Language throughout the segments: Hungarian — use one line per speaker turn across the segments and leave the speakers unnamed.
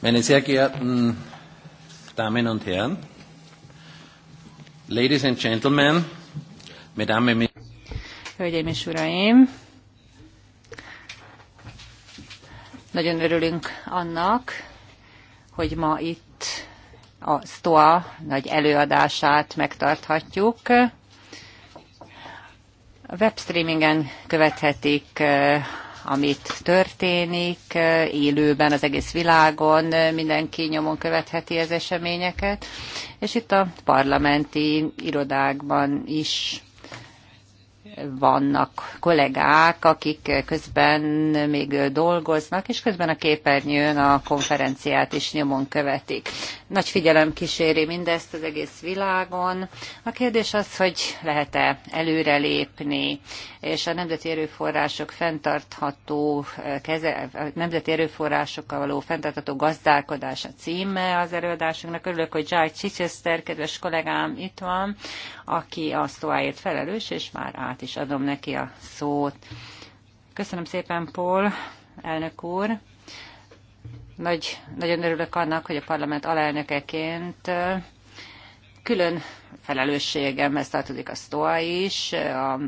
Meine sehr geehrten Damen und Herren, Ladies and Gentlemen, Mesdames
Hölgyeim és Uraim, nagyon örülünk annak, hogy ma itt a STOA nagy előadását megtarthatjuk. A webstreamingen követhetik eh, amit történik élőben az egész világon, mindenki nyomon követheti az eseményeket, és itt a parlamenti irodákban is vannak kollégák, akik közben még dolgoznak, és közben a képernyőn a konferenciát is nyomon követik. Nagy figyelem kíséri mindezt az egész világon. A kérdés az, hogy lehet-e előrelépni, és a nemzeti erőforrások fenntartható, keze, a nemzeti erőforrásokkal való fenntartható gazdálkodás a címe az előadásunknak. Örülök, hogy Jai Chichester, kedves kollégám, itt van, aki a szóáért felelős, és már át is adom neki a szót. Köszönöm szépen, Paul, elnök úr. Nagy, nagyon örülök annak, hogy a parlament alelnökeként külön ezt tartozik a STOA is, a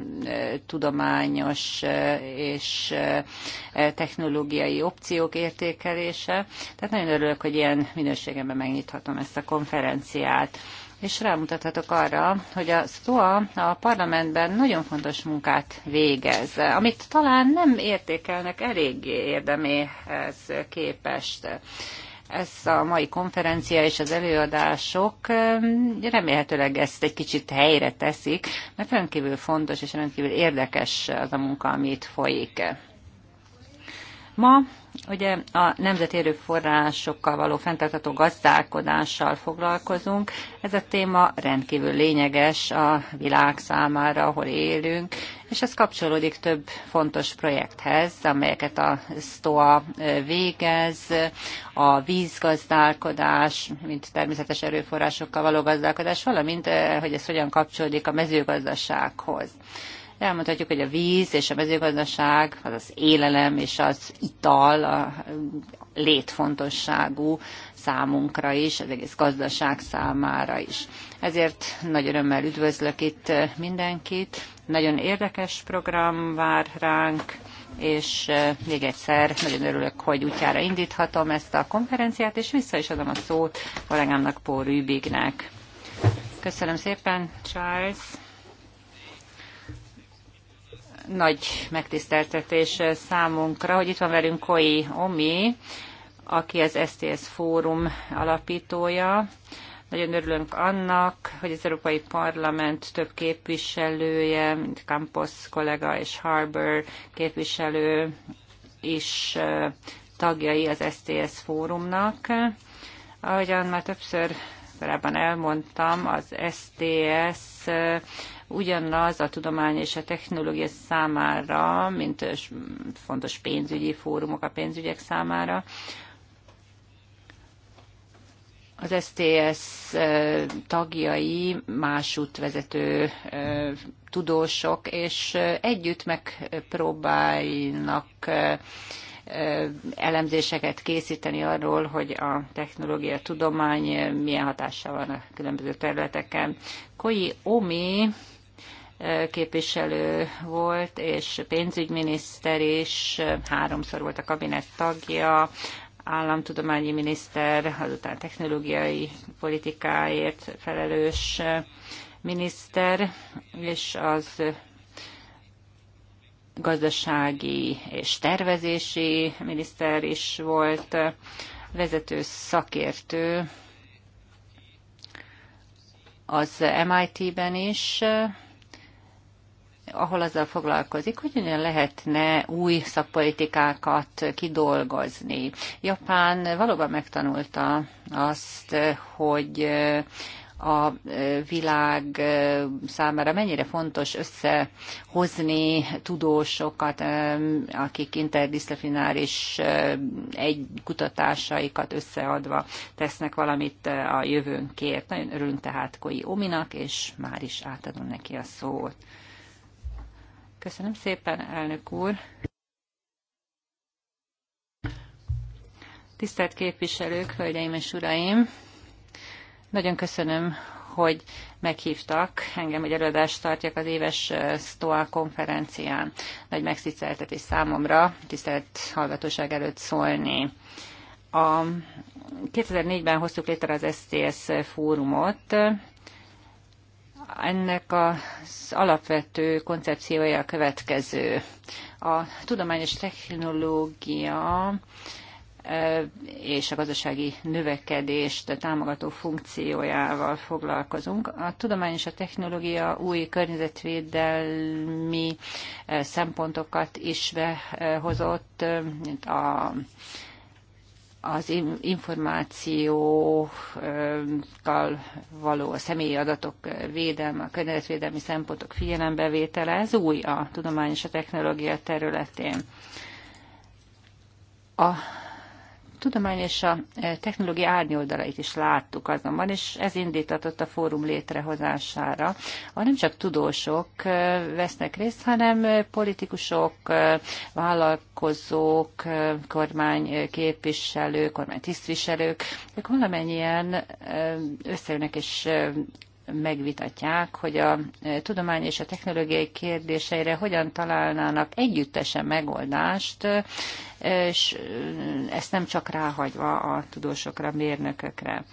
tudományos és e, technológiai opciók értékelése. Tehát nagyon örülök, hogy ilyen minőségemben megnyithatom ezt a konferenciát és rámutathatok arra, hogy a SZTOA a parlamentben nagyon fontos munkát végez, amit talán nem értékelnek eléggé érdeméhez képest ez a mai konferencia és az előadások remélhetőleg ezt egy kicsit helyre teszik, mert rendkívül fontos és rendkívül érdekes az a munka, amit folyik. Ma ugye a nemzeti erőforrásokkal való fenntartható gazdálkodással foglalkozunk. Ez a téma rendkívül lényeges a világ számára, ahol élünk, és ez kapcsolódik több fontos projekthez, amelyeket a STOA végez, a vízgazdálkodás, mint természetes erőforrásokkal való gazdálkodás, valamint hogy ez hogyan kapcsolódik a mezőgazdasághoz elmondhatjuk, hogy a víz és a mezőgazdaság, az az élelem és az ital a létfontosságú számunkra is, az egész gazdaság számára is. Ezért nagy örömmel üdvözlök itt mindenkit. Nagyon érdekes program vár ránk és még egyszer nagyon örülök, hogy útjára indíthatom ezt a konferenciát, és vissza is adom a szót kollégámnak, Paul Rübignek. Köszönöm szépen, Charles! nagy megtiszteltetés számunkra, hogy itt van velünk Koi Omi, aki az STS Fórum alapítója. Nagyon örülünk annak, hogy az Európai Parlament több képviselője, mint Campos kollega és Harbour képviselő is tagjai az STS Fórumnak. Ahogyan már többször korábban elmondtam, az STS ugyanaz a tudomány és a technológia számára, mint fontos pénzügyi fórumok a pénzügyek számára, az STS tagjai, más útvezető tudósok, és együtt megpróbálnak elemzéseket készíteni arról, hogy a technológia, a tudomány milyen hatással van a különböző területeken. Koi Omi képviselő volt, és pénzügyminiszter is, háromszor volt a kabinet tagja, államtudományi miniszter, azután technológiai politikáért felelős miniszter, és az gazdasági és tervezési miniszter is volt, vezető szakértő az MIT-ben is, ahol azzal foglalkozik, hogy hogyan lehetne új szakpolitikákat kidolgozni. Japán valóban megtanulta azt, hogy a világ számára mennyire fontos összehozni tudósokat, akik interdisziplináris egy kutatásaikat összeadva tesznek valamit a jövőnkért. Nagyon örülünk tehát Koi Ominak, és már is átadom neki a szót. Köszönöm szépen, elnök úr! Tisztelt képviselők, hölgyeim és uraim! Nagyon köszönöm, hogy meghívtak engem, hogy előadást tartjak az éves STOA konferencián. Nagy megsziceltetés számomra, tisztelt hallgatóság előtt szólni. A 2004-ben hoztuk létre az STS fórumot, ennek az alapvető koncepciója a következő. A tudományos technológia Eh, és a gazdasági növekedést támogató funkciójával foglalkozunk. A tudomány és a technológia új környezetvédelmi eh, szempontokat is behozott, mint eh, a az információkkal való a személyi adatok védelme, a környezetvédelmi szempontok figyelembevétele, ez új a tudomány és a technológia területén. A tudomány és a e, technológia árnyoldalait is láttuk azonban, és ez indítatott a fórum létrehozására, ahol nem csak tudósok e, vesznek részt, hanem e, politikusok, vállalkozók, kormányképviselők, kormánytisztviselők, ők valamennyien összejönnek és megvitatják, hogy a e, tudomány és a technológiai kérdéseire hogyan találnának együttesen megoldást, e, és e, ezt nem csak ráhagyva a tudósokra, mérnökökre.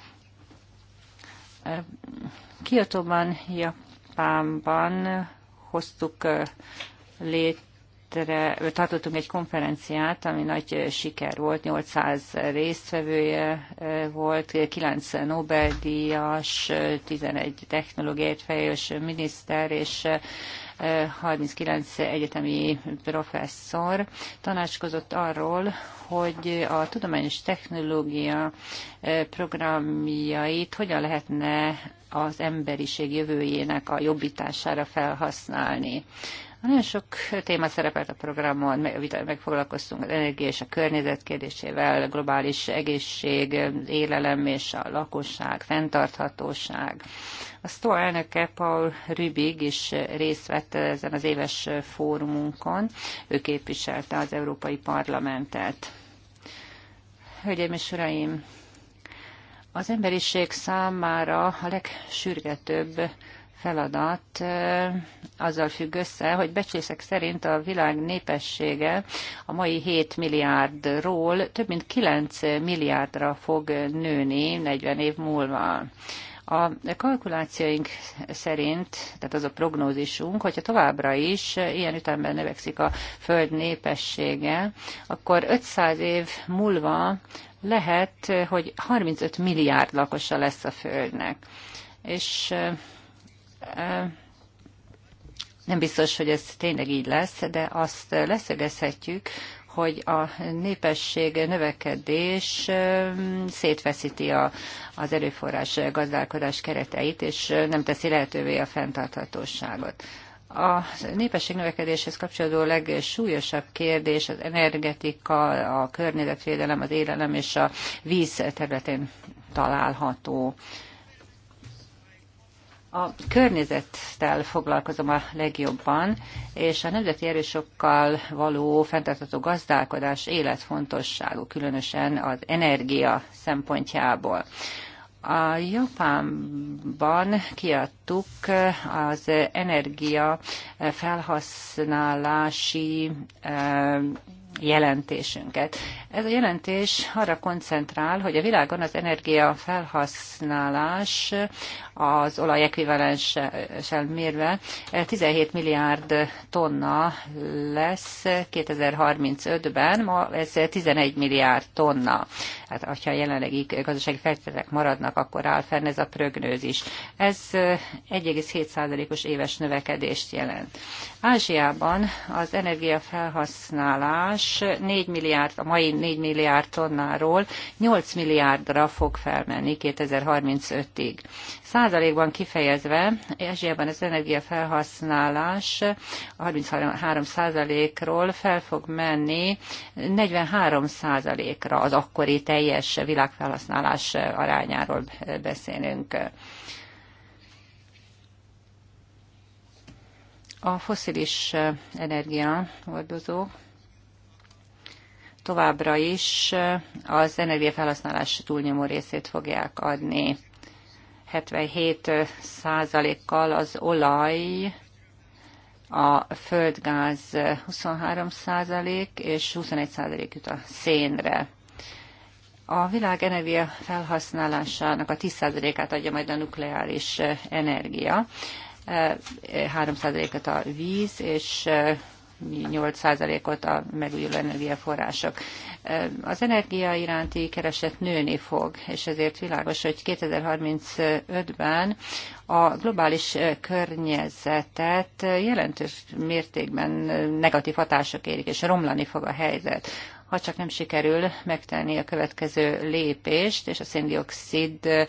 Kiotóban, Japánban hoztuk létre létre, tartottunk egy konferenciát, ami nagy siker volt, 800 résztvevője eh, volt, 9 Nobel-díjas, 11 technológiai fejős miniszter, és 39 eh, egyetemi professzor tanácskozott arról, hogy a tudományos technológia eh, programjait hogyan lehetne az emberiség jövőjének a jobbítására felhasználni. Nagyon sok téma szerepelt a programon, megfoglalkoztunk az energia és a környezet kérdésével, globális egészség, élelem és a lakosság, fenntarthatóság. A STOA elnöke Paul Rübig is részt vett ezen az éves fórumunkon, ő képviselte az Európai Parlamentet. Hölgyeim és Uraim, az emberiség számára a legsürgetőbb feladat azzal függ össze, hogy becslések szerint a világ népessége a mai 7 milliárdról több mint 9 milliárdra fog nőni 40 év múlva. A kalkulációink szerint, tehát az a prognózisunk, hogyha továbbra is ilyen ütemben növekszik a Föld népessége, akkor 500 év múlva lehet, hogy 35 milliárd lakosa lesz a Földnek. És nem biztos, hogy ez tényleg így lesz, de azt leszögezhetjük, hogy a népesség növekedés szétveszíti a, az erőforrás gazdálkodás kereteit, és nem teszi lehetővé a fenntarthatóságot. A népesség növekedéshez kapcsolódó legsúlyosabb kérdés az energetika, a környezetvédelem, az élelem és a víz területén található. A környezettel foglalkozom a legjobban, és a nemzeti erősokkal való fenntartható gazdálkodás életfontosságú, különösen az energia szempontjából. A Japánban kiadtuk az energia felhasználási jelentésünket. Ez a jelentés arra koncentrál, hogy a világon az energia felhasználás az olajekvivalenssel mérve 17 eh, milliárd tonna lesz 2035-ben, ma ez 11 milliárd tonna. Hát, ha jelenlegi gazdasági feltételek maradnak, akkor áll fenn ez a prognózis. Ez 1,7%-os eh, éves növekedést jelent. Ázsiában az energiafelhasználás 4 milliárd, a mai 4 milliárd tonnáról 8 milliárdra fog felmenni 2035-ig. 100 százalékban kifejezve, Ázsiában az energiafelhasználás 33 százalékról fel fog menni 43 százalékra az akkori teljes világfelhasználás arányáról beszélünk. A foszilis energia hordozók továbbra is az energiafelhasználás túlnyomó részét fogják adni. 77 százalékkal az olaj, a földgáz 23 százalék, és 21 százalék jut a szénre. A világ energia felhasználásának a 10 százalékát adja majd a nukleáris energia, 3%-at eh, a víz, és eh, 8%-ot a megújuló energiaforrások. Az energia iránti kereset nőni fog, és ezért világos, hogy 2035-ben a globális környezetet jelentős mértékben negatív hatások érik, és romlani fog a helyzet ha csak nem sikerül megtenni a következő lépést, és a széndiokszid eh,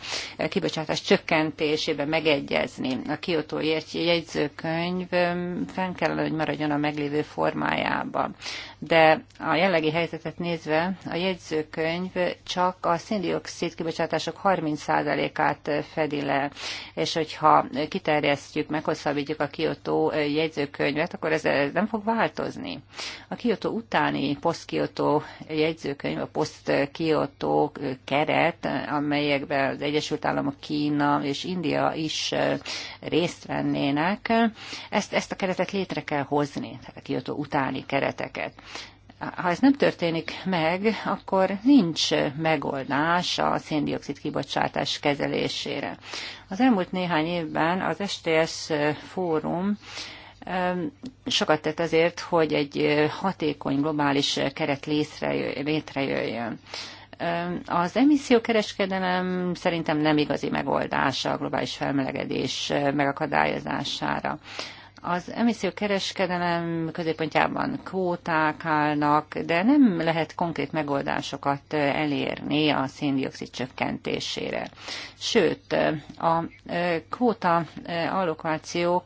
kibocsátás csökkentésében megegyezni. A kiotó jegyzőkönyv fenn kellene, hogy maradjon a meglévő formájában. De a jelenlegi helyzetet nézve a jegyzőkönyv csak a széndiokszid kibocsátások 30%-át eh, fedi le, és hogyha kiterjesztjük, meghosszabbítjuk a kiotó eh, jegyzőkönyvet, akkor ez nem fog változni. A kiotó utáni, posztkiotó jegyzőkönyv, a poszt kiotó keret, amelyekben az Egyesült Államok, Kína és India is részt vennének. Ezt, ezt a keretet létre kell hozni, tehát a kiotó utáni kereteket ha ez nem történik meg, akkor nincs megoldás a széndiokszid kibocsátás kezelésére. Az elmúlt néhány évben az STS fórum sokat tett azért, hogy egy hatékony globális keret létrejöjjön. Az emissziókereskedelem szerintem nem igazi megoldása a globális felmelegedés megakadályozására. Az kereskedelem középpontjában kvóták állnak, de nem lehet konkrét megoldásokat elérni a széndiokszid csökkentésére. Sőt, a kvóta allokációk,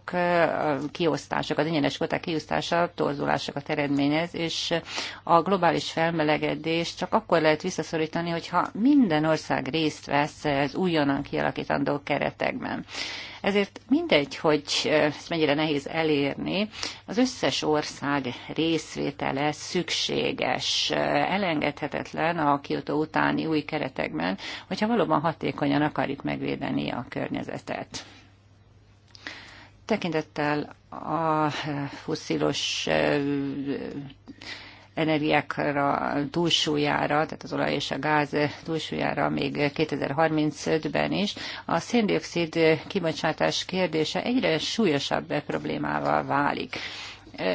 kiosztások, az ingyenes kvóták kiosztása torzulásokat eredményez, és a globális felmelegedés csak akkor lehet visszaszorítani, hogyha minden ország részt vesz az újonnan kialakítandó keretekben. Ezért mindegy, hogy ez mennyire nehéz nehéz elérni. Az összes ország részvétele szükséges, elengedhetetlen a Kyoto utáni új keretekben, hogyha valóban hatékonyan akarjuk megvédeni a környezetet. Tekintettel a foszilos energiákra túlsúlyára, tehát az olaj és a gáz túlsúlyára még 2035-ben is, a széndiokszid kibocsátás kérdése egyre súlyosabb problémával válik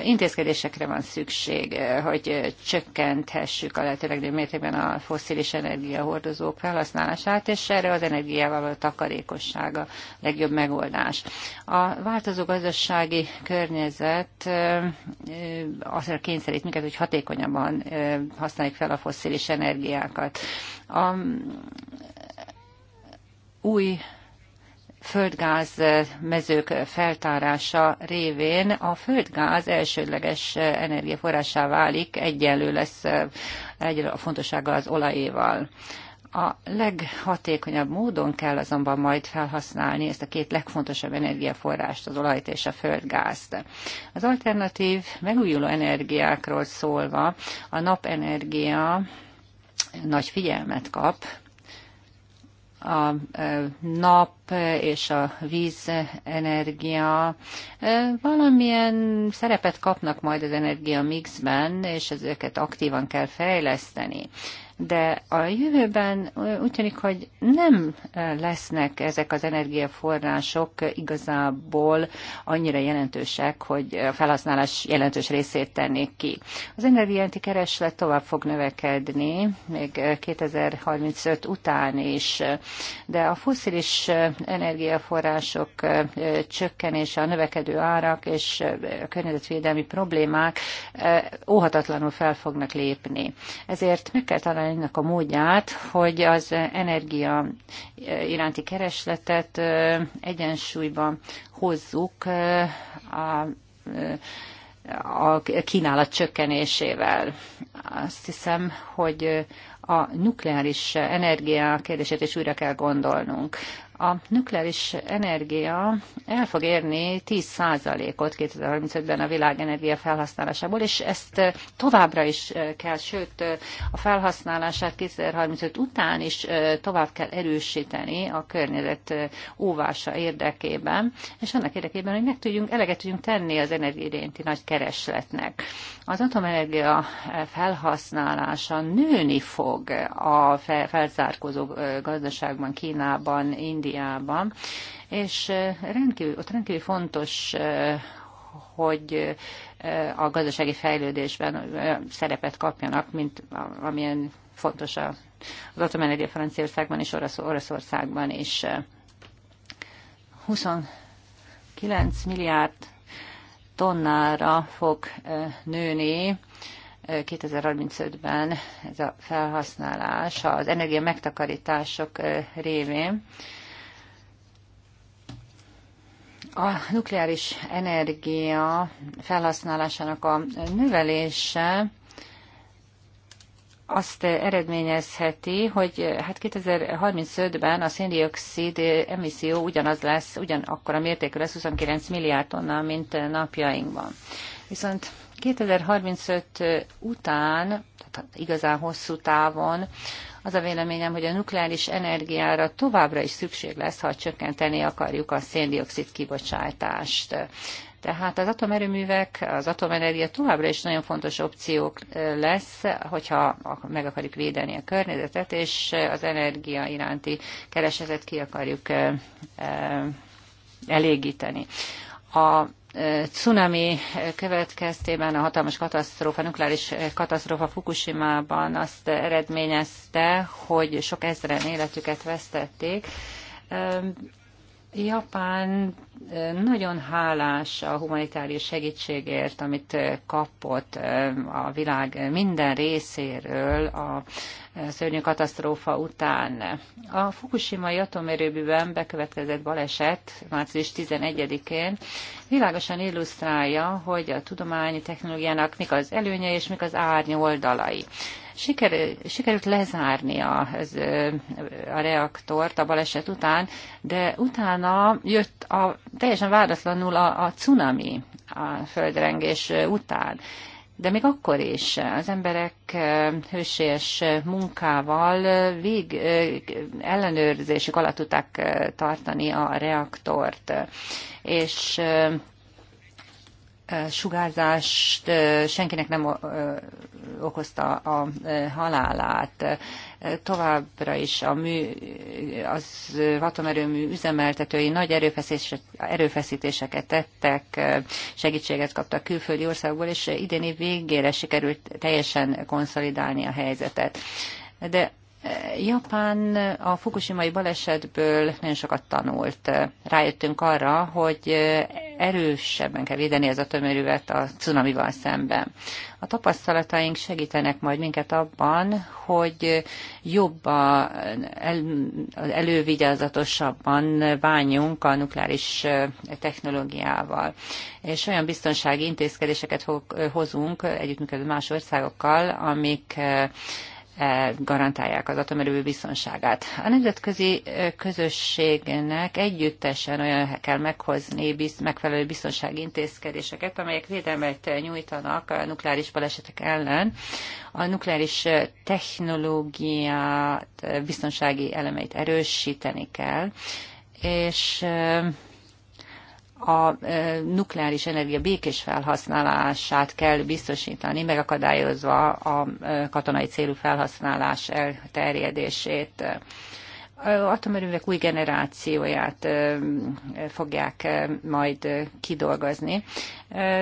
intézkedésekre van szükség, eh, hogy eh, csökkenthessük a lehető mértékben a foszilis energiahordozók felhasználását, és erre az energiával a takarékosság a legjobb megoldás. A változó gazdasági környezet eh, azért kényszerít minket, hogy hatékonyabban használjuk fel a foszilis energiákat. A mm, új földgáz mezők feltárása révén a földgáz elsődleges energiaforrásá válik, egyenlő lesz egyre a fontossága az olajéval. A leghatékonyabb módon kell azonban majd felhasználni ezt a két legfontosabb energiaforrást, az olajt és a földgázt. Az alternatív megújuló energiákról szólva a napenergia nagy figyelmet kap, a nap és a vízenergia e, valamilyen szerepet kapnak majd az energia mixben, és ezeket aktívan kell fejleszteni de a jövőben úgy tűnik, hogy nem lesznek ezek az energiaforrások igazából annyira jelentősek, hogy a felhasználás jelentős részét tennék ki. Az energiánti kereslet tovább fog növekedni, még 2035 után is, de a foszilis energiaforrások csökkenése, a növekedő árak és a környezetvédelmi problémák óhatatlanul fel fognak lépni. Ezért meg kell találni ennek a módját, hogy az energia iránti keresletet egyensúlyban hozzuk a a kínálat csökkenésével. Azt hiszem, hogy a nukleáris energia kérdését is újra kell gondolnunk a nukleáris energia el fog érni 10%-ot 2035-ben a világ energia felhasználásából, és ezt továbbra is kell, sőt a felhasználását 2035 után is tovább kell erősíteni a környezet óvása érdekében, és annak érdekében, hogy meg tudjunk, eleget tudjunk tenni az energiérénti nagy keresletnek. Az atomenergia felhasználása nőni fog a felzárkózó gazdaságban, Kínában, Indiában, Indiában, és rendkívül, ott rendkívül fontos, hogy a gazdasági fejlődésben szerepet kapjanak, mint amilyen fontos az atomenergia Franciaországban és Orosz, Oroszországban is. 29 milliárd tonnára fog nőni 2035-ben ez a felhasználás az energia megtakarítások révén. A nukleáris energia felhasználásának a növelése azt eredményezheti, hogy hát 2035-ben a széndiokszid emisszió ugyanaz lesz, ugyanakkor a mértékű lesz 29 milliárd tonna, mint napjainkban. Viszont 2035 után, tehát igazán hosszú távon az a véleményem, hogy a nukleáris energiára továbbra is szükség lesz, ha csökkenteni akarjuk a széndiokszid kibocsátást. Tehát az atomerőművek, az atomenergia továbbra is nagyon fontos opciók lesz, hogyha meg akarjuk védeni a környezetet, és az energia iránti keresetet ki akarjuk elégíteni. A cunami következtében a hatalmas katasztrófa, nukleáris katasztrófa Fukushima-ban azt eredményezte, hogy sok ezren életüket vesztették. Japán nagyon hálás a humanitárius segítségért, amit kapott a világ minden részéről a szörnyű katasztrófa után. A Fukushima atomerőműben bekövetkezett baleset március 11-én világosan illusztrálja, hogy a tudományi technológiának mik az előnye és mik az árny oldalai. sikerült lezárni a, a reaktort a baleset után, de utána jött a, teljesen váratlanul a, a cunami a földrengés után de még akkor is az emberek hősies munkával vég ellenőrzésük alatt tudták tartani a reaktort, és sugárzást senkinek nem okozta a halálát továbbra is a mű, az atomerőmű üzemeltetői nagy erőfeszítéseket tettek, segítséget kaptak külföldi országból, és idén év végére sikerült teljesen konszolidálni a helyzetet. De Japán a fukushimai balesetből nagyon sokat tanult. Rájöttünk arra, hogy erősebben kell védeni ez a tömörüvet a cunamival szemben. A tapasztalataink segítenek majd minket abban, hogy jobban, elővigyázatosabban bánjunk a nukleáris technológiával. És olyan biztonsági intézkedéseket hozunk együttműködő más országokkal, amik E, garantálják az atomerő biztonságát. A nemzetközi e, közösségnek együttesen olyan kell meghozni bizt, megfelelő biztonsági intézkedéseket, amelyek védelmet nyújtanak a nukleáris balesetek ellen. A nukleáris e, technológiát biztonsági elemeit erősíteni kell, és a e, nukleáris energia békés felhasználását kell biztosítani, megakadályozva a e, katonai célú felhasználás elterjedését e, atomerőművek új generációját fogják majd kidolgozni.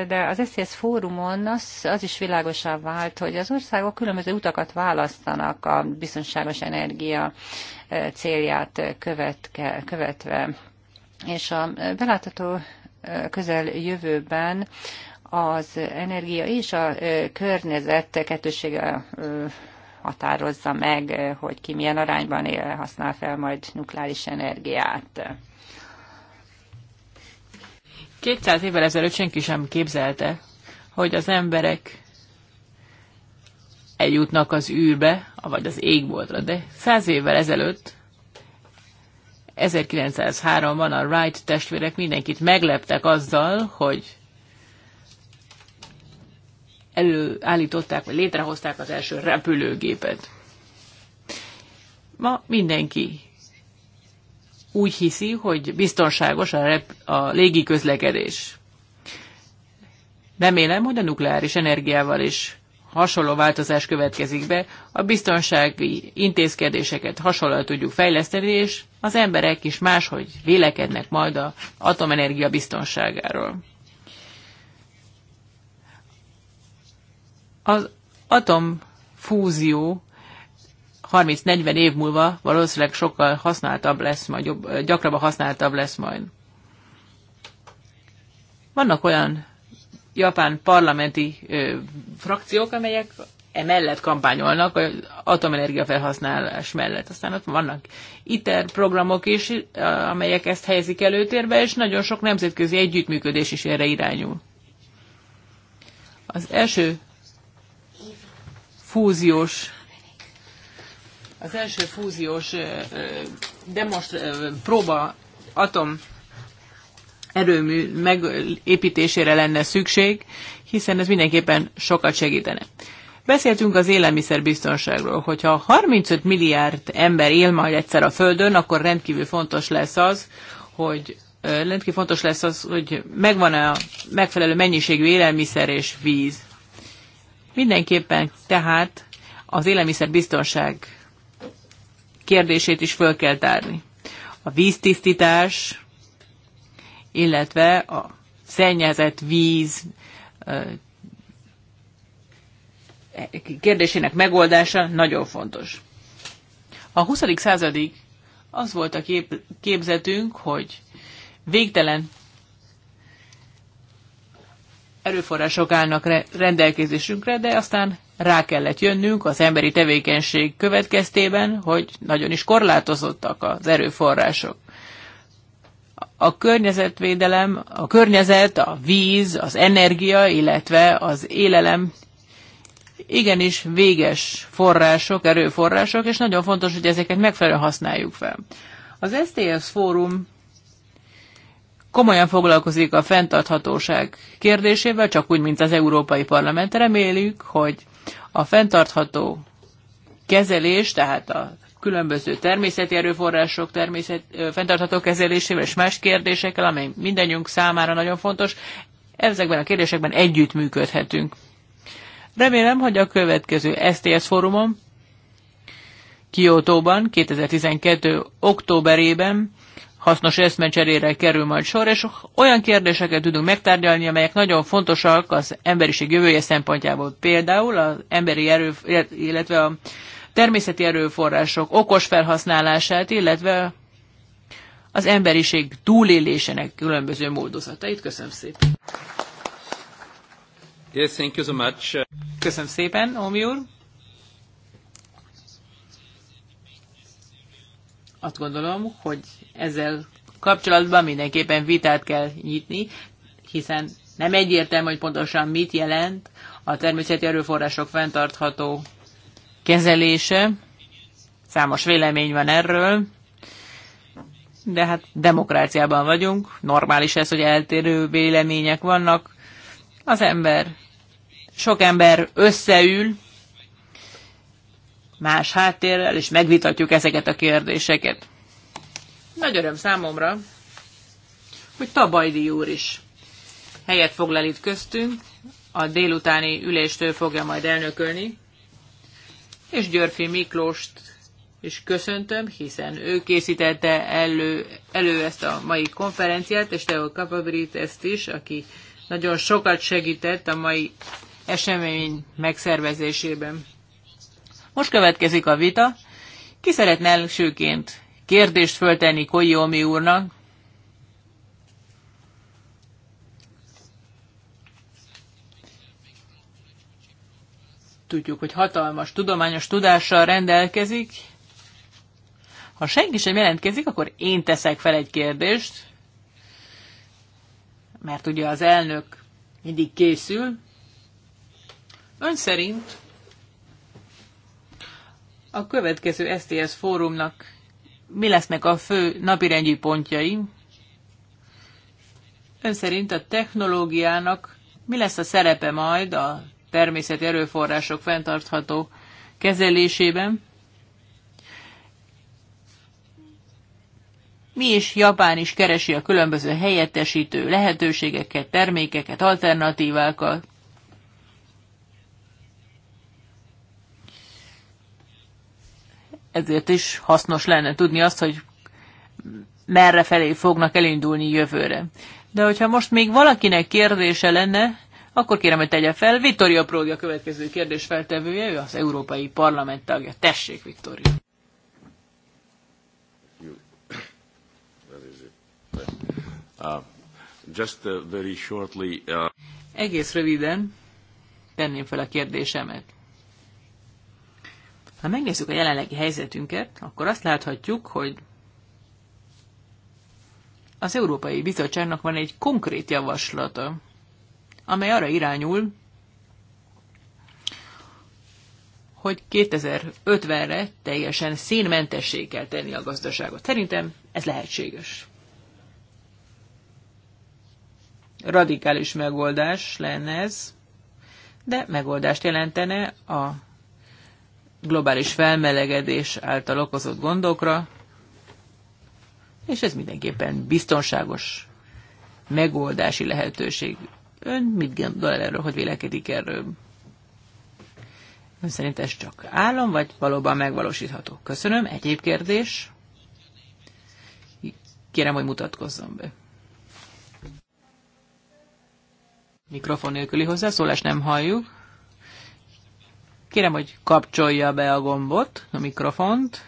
De az SZSZ fórumon az, az is világosá vált, hogy az országok különböző utakat választanak a biztonságos energia célját követke, követve és a belátható közel jövőben az energia és a környezet kettősége határozza meg, hogy ki milyen arányban él, használ fel majd nukleáris energiát.
200 évvel ezelőtt senki sem képzelte, hogy az emberek eljutnak az űrbe, vagy az égboltra, de 100 évvel ezelőtt 1903-ban a Wright testvérek mindenkit megleptek azzal, hogy előállították, vagy létrehozták az első repülőgépet. Ma mindenki úgy hiszi, hogy biztonságos a, rep- a légi közlekedés. Remélem, hogy a nukleáris energiával is hasonló változás következik be, a biztonsági intézkedéseket hasonlóan tudjuk fejleszteni, és az emberek is máshogy vélekednek majd az atomenergia biztonságáról. Az atomfúzió 30-40 év múlva valószínűleg sokkal használtabb lesz, majd jobb, gyakrabban használtabb lesz majd. Vannak olyan japán parlamenti ö, frakciók, amelyek emellett kampányolnak az atomenergia felhasználás mellett. Aztán ott vannak ITER programok is, amelyek ezt helyezik előtérbe, és nagyon sok nemzetközi együttműködés is erre irányul. Az első fúziós az első fúziós demonstr most próba atom erőmű megépítésére lenne szükség, hiszen ez mindenképpen sokat segítene. Beszéltünk az élelmiszerbiztonságról, hogyha 35 milliárd ember él majd egyszer a Földön, akkor rendkívül fontos lesz az, hogy rendkívül fontos lesz az, hogy megvan -e a megfelelő mennyiségű élelmiszer és víz. Mindenképpen tehát az élelmiszerbiztonság kérdését is föl kell tárni. A víztisztítás illetve a szennyezett víz kérdésének megoldása nagyon fontos. A 20. századig az volt a kép, képzetünk, hogy végtelen erőforrások állnak rendelkezésünkre, de aztán rá kellett jönnünk az emberi tevékenység következtében, hogy nagyon is korlátozottak az erőforrások a környezetvédelem, a környezet, a víz, az energia, illetve az élelem igenis véges források, erőforrások, és nagyon fontos, hogy ezeket megfelelően használjuk fel. Az STS fórum komolyan foglalkozik a fenntarthatóság kérdésével, csak úgy, mint az Európai Parlament. Reméljük, hogy a fenntartható kezelés, tehát a különböző természeti erőforrások, természet, fenntartható kezelésével és más kérdésekkel, amely mindannyiunk számára nagyon fontos. Ezekben a kérdésekben együtt működhetünk. Remélem, hogy a következő STS fórumon Kiotóban 2012. októberében hasznos eszmecserére kerül majd sor, és olyan kérdéseket tudunk megtárgyalni, amelyek nagyon fontosak az emberiség jövője szempontjából. Például az emberi erő, illetve a természeti erőforrások okos felhasználását, illetve az emberiség túlélésének különböző módozatait. Köszönöm szépen! Yes, thank you so much. Köszönöm szépen, Omi úr! Azt gondolom, hogy ezzel kapcsolatban mindenképpen vitát kell nyitni, hiszen nem egyértelmű, hogy pontosan mit jelent a természeti erőforrások fenntartható kezelése. Számos vélemény van erről, de hát demokráciában vagyunk, normális ez, hogy eltérő vélemények vannak. Az ember, sok ember összeül más háttérrel, és megvitatjuk ezeket a kérdéseket. Nagy öröm számomra, hogy Tabajdi úr is helyet foglal itt köztünk, a délutáni üléstől fogja majd elnökölni és Györfi Miklóst és köszöntöm, hiszen ő készítette elő, elő ezt a mai konferenciát, és Teo Kapabrit ezt is, aki nagyon sokat segített a mai esemény megszervezésében. Most következik a vita. Ki szeretne elsőként kérdést föltenni Koyomi úrnak? tudjuk, hogy hatalmas tudományos tudással rendelkezik. Ha senki sem jelentkezik, akkor én teszek fel egy kérdést, mert ugye az elnök mindig készül. Ön szerint a következő STS fórumnak mi lesznek a fő napirendjű pontjai? Ön szerint a technológiának mi lesz a szerepe majd a természet erőforrások fenntartható kezelésében. Mi is Japán is keresi a különböző helyettesítő lehetőségeket, termékeket, alternatívákat. Ezért is hasznos lenne tudni azt, hogy merre felé fognak elindulni jövőre. De hogyha most még valakinek kérdése lenne, akkor kérem, hogy tegye fel. Vittoria Pródi a következő kérdés feltevője, ő az Európai Parlament tagja. Tessék, Vittoria. Uh, uh, uh, Egész röviden tenném fel a kérdésemet. Ha megnézzük a jelenlegi helyzetünket, akkor azt láthatjuk, hogy az Európai Bizottságnak van egy konkrét javaslata amely arra irányul, hogy 2050-re teljesen szénmentessé kell tenni a gazdaságot. Szerintem ez lehetséges. Radikális megoldás lenne ez, de megoldást jelentene a globális felmelegedés által okozott gondokra, és ez mindenképpen biztonságos megoldási lehetőség. Ön mit gondol erről, hogy vélekedik erről? Ön szerint ez csak álom, vagy valóban megvalósítható? Köszönöm. Egyéb kérdés? Kérem, hogy mutatkozzon be. Mikrofon nélküli hozzászólás nem halljuk. Kérem, hogy kapcsolja be a gombot, a mikrofont.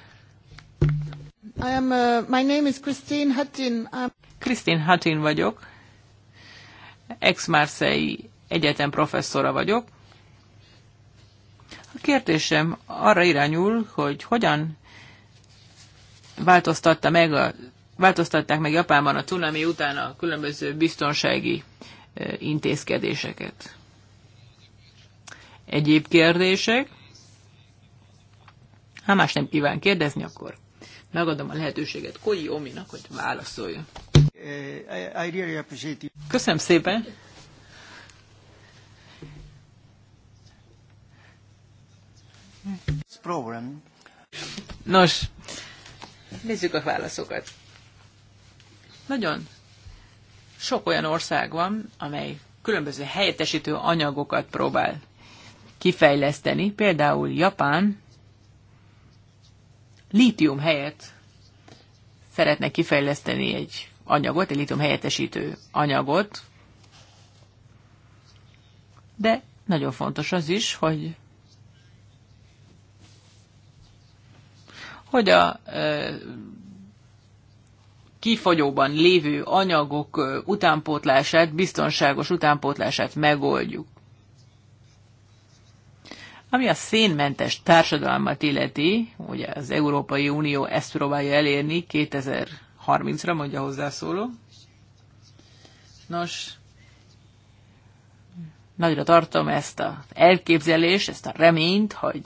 I am, uh, my name is Christine Hattin. I'm... Christine Hattin vagyok ex-Marseille egyetem professzora vagyok. A kérdésem arra irányul, hogy hogyan változtatta meg a, változtatták meg Japánban a cunami után a különböző biztonsági intézkedéseket. Egyéb kérdések? Ha más nem kíván kérdezni, akkor megadom a lehetőséget Koji Ominak, hogy válaszoljon. Eh, Köszönöm szépen. Nos, nézzük a válaszokat. Nagyon sok olyan ország van, amely különböző helyettesítő anyagokat próbál kifejleszteni, például Japán lítium helyett szeretne kifejleszteni egy anyagot, egy litium helyettesítő anyagot, de nagyon fontos az is, hogy hogy a ö, kifogyóban lévő anyagok utánpótlását, biztonságos utánpótlását megoldjuk. Ami a szénmentes társadalmat illeti, ugye az Európai Unió ezt próbálja elérni 2000 30-ra, mondja hozzászóló. Nos, nagyra tartom ezt az elképzelést, ezt a reményt, hogy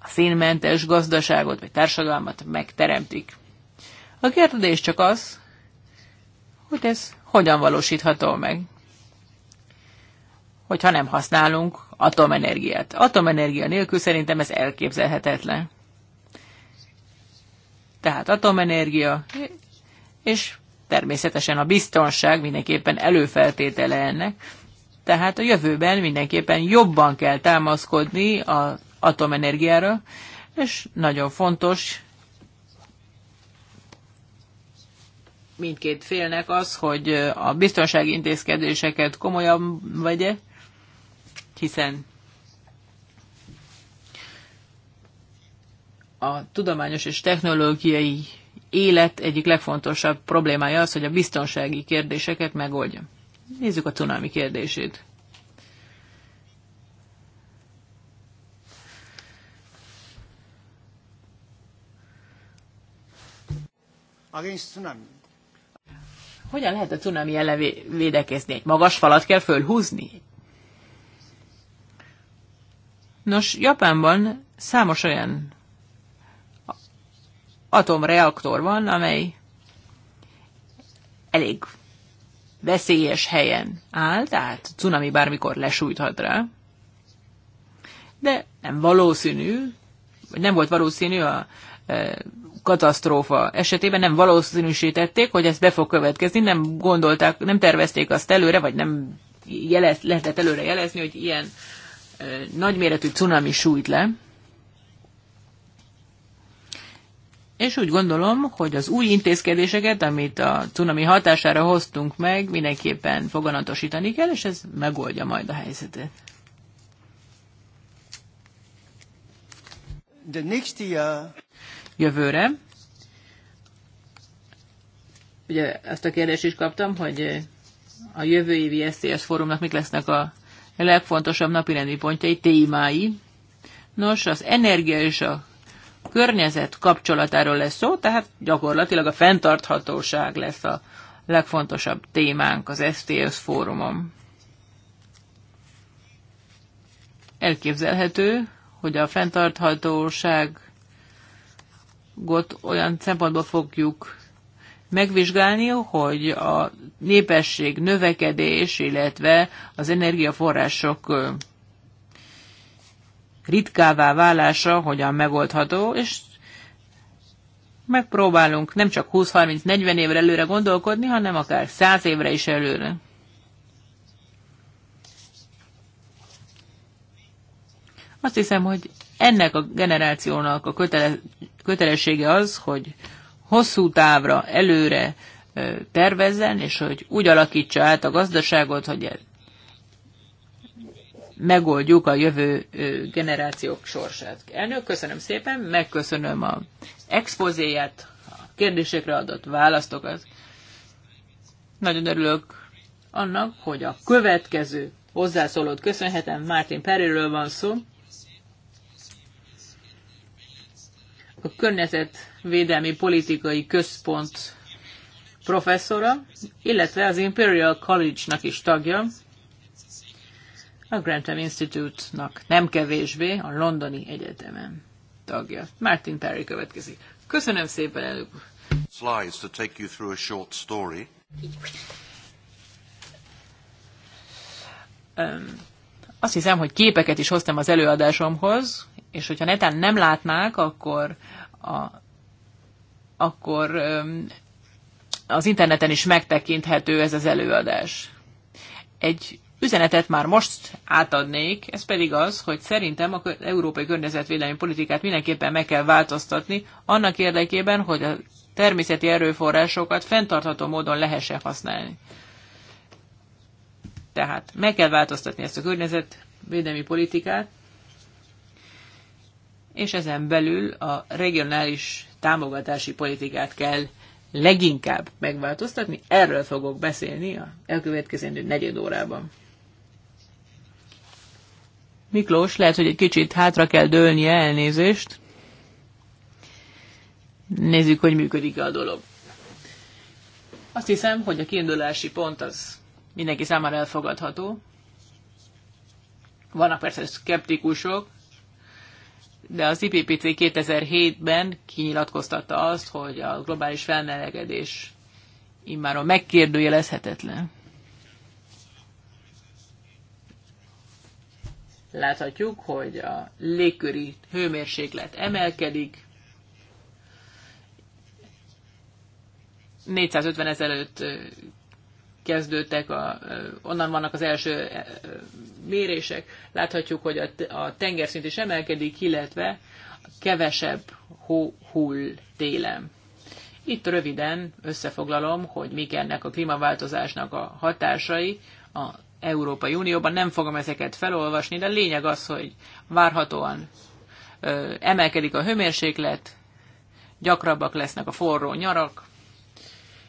a szénmentes gazdaságot vagy társadalmat megteremtik. A kérdés csak az, hogy ez hogyan valósítható meg. Hogyha nem használunk atomenergiát. Atomenergia nélkül szerintem ez elképzelhetetlen. Tehát atomenergia és természetesen a biztonság mindenképpen előfeltétele ennek, tehát a jövőben mindenképpen jobban kell támaszkodni az atomenergiára, és nagyon fontos mindkét félnek az, hogy a biztonsági intézkedéseket komolyan vegye, hiszen a tudományos és technológiai élet egyik legfontosabb problémája az, hogy a biztonsági kérdéseket megoldja. Nézzük a cunami kérdését. tsunami. Hogyan lehet a cunami ellen védekezni? Egy magas falat kell fölhúzni? Nos, Japánban számos olyan atomreaktor van, amely elég veszélyes helyen áll, tehát cunami bármikor lesújthat rá, de nem valószínű, vagy nem volt valószínű a e, katasztrófa esetében, nem valószínűsítették, hogy ez be fog következni, nem gondolták, nem tervezték azt előre, vagy nem jelez, lehetett előre jelezni, hogy ilyen ö, e, nagyméretű cunami sújt le. és úgy gondolom, hogy az új intézkedéseket, amit a cunami hatására hoztunk meg, mindenképpen foganatosítani kell, és ez megoldja majd a helyzetet. The next year... Jövőre. Ugye ezt a kérdést is kaptam, hogy a jövő évi SZTS fórumnak mik lesznek a legfontosabb napirendi pontjai, témái. Nos, az energia és a környezet kapcsolatáról lesz szó, tehát gyakorlatilag a fenntarthatóság lesz a legfontosabb témánk az STS fórumon. Elképzelhető, hogy a fenntarthatóságot olyan szempontból fogjuk megvizsgálni, hogy a népesség növekedés, illetve az energiaforrások ritkává válása hogyan megoldható, és megpróbálunk nem csak 20-30-40 évre előre gondolkodni, hanem akár 100 évre is előre. Azt hiszem, hogy ennek a generációnak a kötele, kötelessége az, hogy hosszú távra előre tervezzen, és hogy úgy alakítsa át a gazdaságot, hogy megoldjuk a jövő generációk sorsát. Elnök, köszönöm szépen, megköszönöm a expozéját, a kérdésekre adott választokat. Nagyon örülök annak, hogy a következő hozzászólót köszönhetem, Martin Perryről van szó. A környezetvédelmi politikai központ professzora, illetve az Imperial College-nak is tagja, a Grantham Institute-nak nem kevésbé a Londoni Egyetemen tagja. Martin Perry következik. Köszönöm szépen, előbb.
Slides to take you through a short story.
Um, azt hiszem, hogy képeket is hoztam az előadásomhoz, és hogyha netán nem látnák, akkor a, akkor um, az interneten is megtekinthető ez az előadás. Egy üzenetet már most átadnék, ez pedig az, hogy szerintem a európai környezetvédelmi politikát mindenképpen meg kell változtatni, annak érdekében, hogy a természeti erőforrásokat fenntartható módon lehessen használni. Tehát meg kell változtatni ezt a környezetvédelmi politikát, és ezen belül a regionális támogatási politikát kell leginkább megváltoztatni. Erről fogok beszélni a elkövetkezendő negyed órában. Miklós, lehet, hogy egy kicsit hátra kell dőlnie, elnézést. Nézzük, hogy működik-e a dolog. Azt hiszem, hogy a kiindulási pont az mindenki számára elfogadható. Vannak persze szkeptikusok, de az IPPC 2007-ben kinyilatkoztatta azt, hogy a globális felmelegedés immáron megkérdőjelezhetetlen. Láthatjuk, hogy a légköri hőmérséklet emelkedik, 450 előtt kezdődtek, a, onnan vannak az első mérések. Láthatjuk, hogy a, a tengerszint is emelkedik, illetve kevesebb hó hull télen. Itt röviden összefoglalom, hogy mik ennek a klímaváltozásnak a hatásai a Európai Unióban. Nem fogom ezeket felolvasni, de lényeg az, hogy várhatóan ö, emelkedik a hőmérséklet, gyakrabbak lesznek a forró nyarak,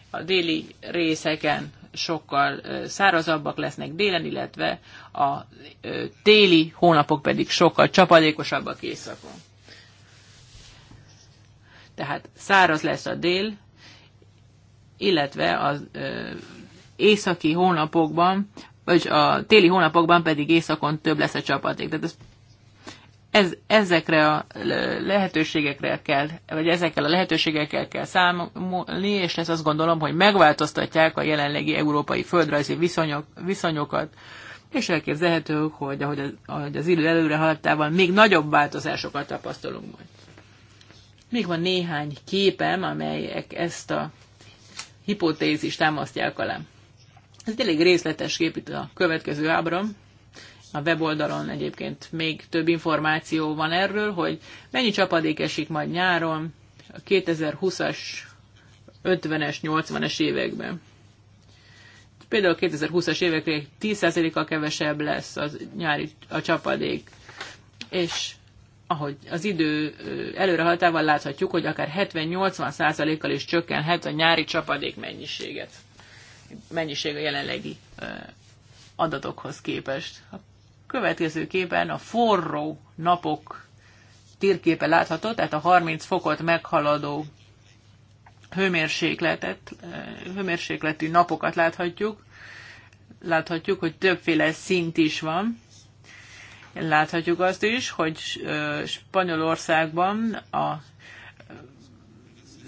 a déli részeken sokkal szárazabbak lesznek délen, illetve a téli hónapok pedig sokkal csapadékosabbak éjszakon. Tehát száraz lesz a dél, illetve az északi hónapokban vagy a téli hónapokban pedig éjszakon több lesz a csapadék. Tehát ez, ez, ezekre a lehetőségekre kell, vagy ezekkel a lehetőségekkel kell számolni, és ez azt gondolom, hogy megváltoztatják a jelenlegi európai földrajzi viszonyok, viszonyokat, és elképzelhető, hogy ahogy az, ahogy az idő előre haladtával még nagyobb változásokat tapasztalunk majd. Még van néhány képem, amelyek ezt a hipotézist támasztják alá. Ez elég részletes kép itt a következő ábra. A weboldalon egyébként még több információ van erről, hogy mennyi csapadék esik majd nyáron, a 2020-as, 50-es, 80-es években. Például a 2020-as évekre 10%-kal kevesebb lesz a nyári a csapadék, és ahogy az idő előrehaladtával láthatjuk, hogy akár 70-80%-kal is csökkenhet a nyári csapadék mennyiséget mennyiség a jelenlegi adatokhoz képest. A következő képen a forró napok térképe látható, tehát a 30 fokot meghaladó hőmérsékletet, hőmérsékletű napokat láthatjuk. Láthatjuk, hogy többféle szint is van. Láthatjuk azt is, hogy Spanyolországban a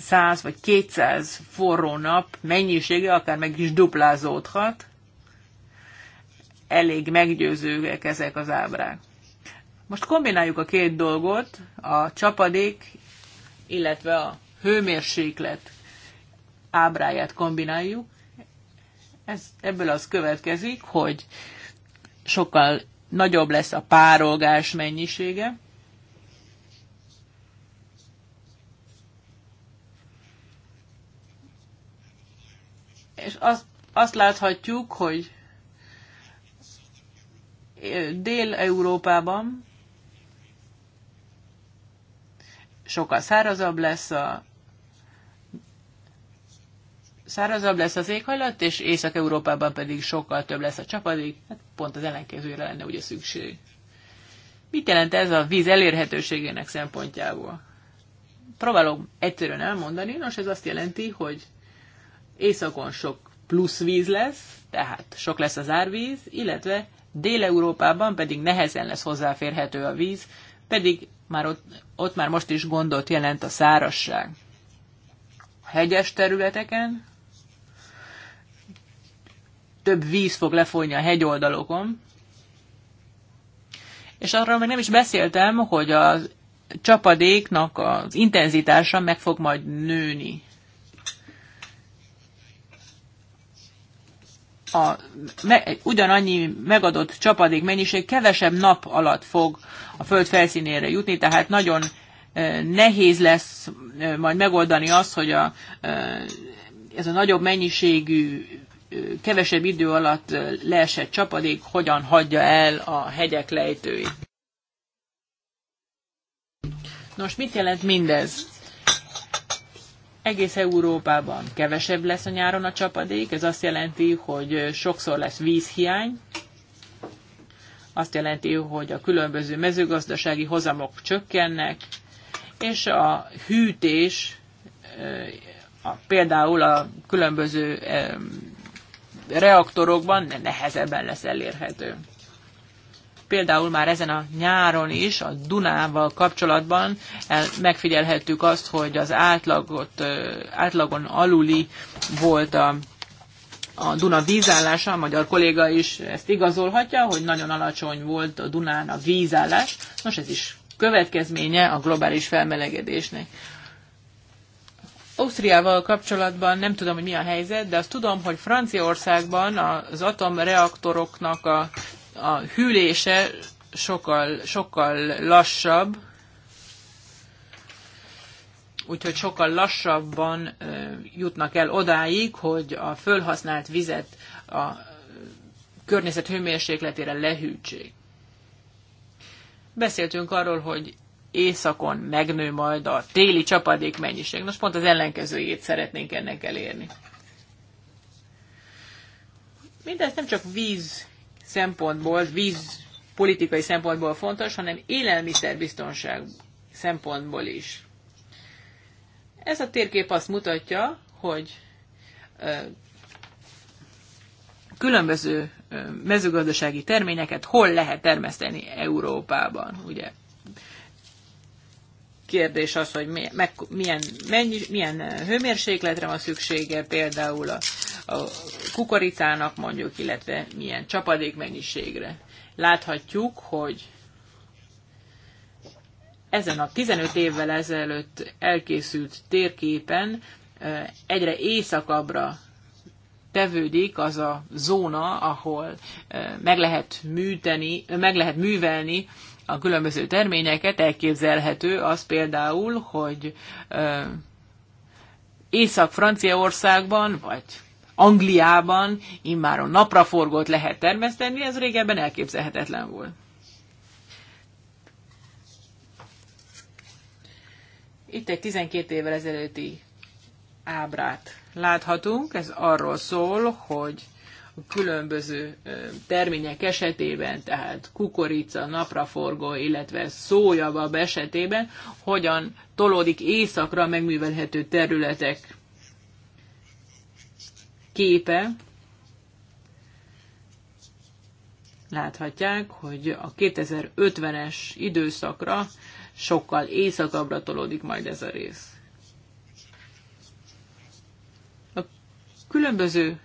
100 vagy 200 forró nap mennyisége akár meg is duplázódhat. Elég meggyőzőek ezek az ábrák. Most kombináljuk a két dolgot, a csapadék, illetve a hőmérséklet ábráját kombináljuk. Ez, ebből az következik, hogy sokkal nagyobb lesz a párolgás mennyisége, és azt, azt láthatjuk, hogy Dél-Európában sokkal szárazabb lesz a szárazabb lesz az éghajlat, és Észak-Európában pedig sokkal több lesz a csapadék, hát pont az ellenkezőre lenne ugye szükség. Mit jelent ez a víz elérhetőségének szempontjából? Próbálom egyszerűen elmondani, nos ez azt jelenti, hogy északon sok plusz víz lesz, tehát sok lesz az árvíz, illetve Dél-Európában pedig nehezen lesz hozzáférhető a víz, pedig már ott, ott már most is gondot jelent a szárasság. A hegyes területeken több víz fog lefolyni a hegyoldalokon, és arról még nem is beszéltem, hogy a csapadéknak az intenzitása meg fog majd nőni. a me, ugyanannyi megadott csapadék mennyiség kevesebb nap alatt fog a föld felszínére jutni, tehát nagyon nehéz lesz majd megoldani azt, hogy a, ez a nagyobb mennyiségű, kevesebb idő alatt leesett csapadék hogyan hagyja el a hegyek lejtőit. Nos, mit jelent mindez? Egész Európában kevesebb lesz a nyáron a csapadék, ez azt jelenti, hogy sokszor lesz vízhiány, azt jelenti, hogy a különböző mezőgazdasági hozamok csökkennek, és a hűtés, eh, például a különböző eh, reaktorokban nehezebben lesz elérhető. Például már ezen a nyáron is a Dunával kapcsolatban megfigyelhettük azt, hogy az átlagot, átlagon aluli volt a a Duna vízállása, a magyar kolléga is ezt igazolhatja, hogy nagyon alacsony volt a Dunán a vízállás. Nos, ez is következménye a globális felmelegedésnek. Ausztriával kapcsolatban nem tudom, hogy mi a helyzet, de azt tudom, hogy Franciaországban az atomreaktoroknak a a hűlése sokkal, sokkal lassabb, úgyhogy sokkal lassabban jutnak el odáig, hogy a fölhasznált vizet a környezet hőmérsékletére lehűtsék. Beszéltünk arról, hogy északon megnő majd a téli csapadék mennyiség. Nos, pont az ellenkezőjét szeretnénk ennek elérni. Mindez nem csak víz szempontból, víz politikai szempontból fontos, hanem élelmiszerbiztonság szempontból is. Ez a térkép azt mutatja, hogy különböző mezőgazdasági terményeket hol lehet termeszteni Európában, ugye? Kérdés az, hogy milyen, milyen, mennyi, milyen hőmérsékletre van szüksége például a a kukoricának mondjuk, illetve milyen csapadék mennyiségre. Láthatjuk, hogy ezen a 15 évvel ezelőtt elkészült térképen egyre északabbra tevődik az a zóna, ahol meg lehet, műteni, meg lehet művelni a különböző terményeket. Elképzelhető az például, hogy Észak-Franciaországban, vagy Angliában a napraforgót lehet termeszteni, ez régebben elképzelhetetlen volt. Itt egy 12 évvel ezelőtti ábrát láthatunk, ez arról szól, hogy a különböző termények esetében, tehát kukorica, napraforgó, illetve szójabab esetében, hogyan tolódik éjszakra megművelhető területek képe. Láthatják, hogy a 2050-es időszakra sokkal éjszakabbra tolódik majd ez a rész. A különböző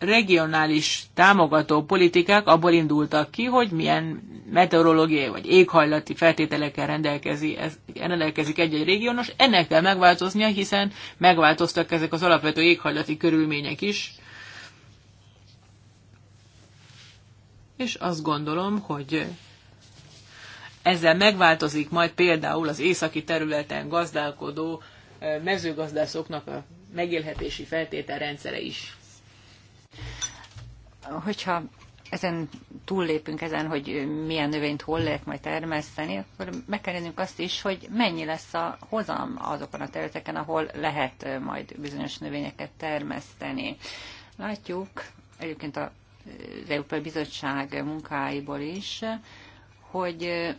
regionális támogató politikák abból indultak ki, hogy milyen meteorológiai vagy éghajlati feltételekkel rendelkezik, ez, rendelkezik egy-egy régiónos, ennek kell megváltoznia, hiszen megváltoztak ezek az alapvető éghajlati körülmények is. És azt gondolom, hogy ezzel megváltozik majd például az északi területen gazdálkodó eh, mezőgazdászoknak a megélhetési feltételrendszere
is hogyha ezen túllépünk ezen, hogy milyen növényt hol lehet majd termeszteni, akkor meg kell azt is, hogy mennyi lesz a hozam azokon a területeken, ahol lehet majd bizonyos növényeket termeszteni. Látjuk egyébként az Európai Bizottság munkáiból is, hogy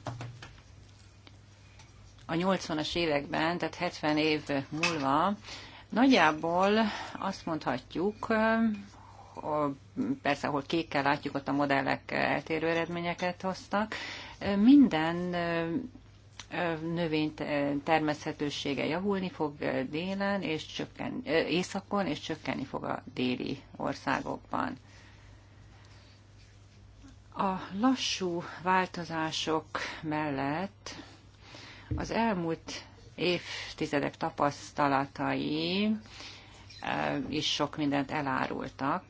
a 80-as években, tehát 70 év múlva nagyjából azt mondhatjuk, persze ahol kékkel látjuk, ott a modellek eltérő eredményeket hoztak. Minden növény termeszhetősége javulni fog délen és csökken, északon, és csökkenni fog a déli országokban. A lassú változások mellett az elmúlt évtizedek tapasztalatai Eh, is sok mindent elárultak.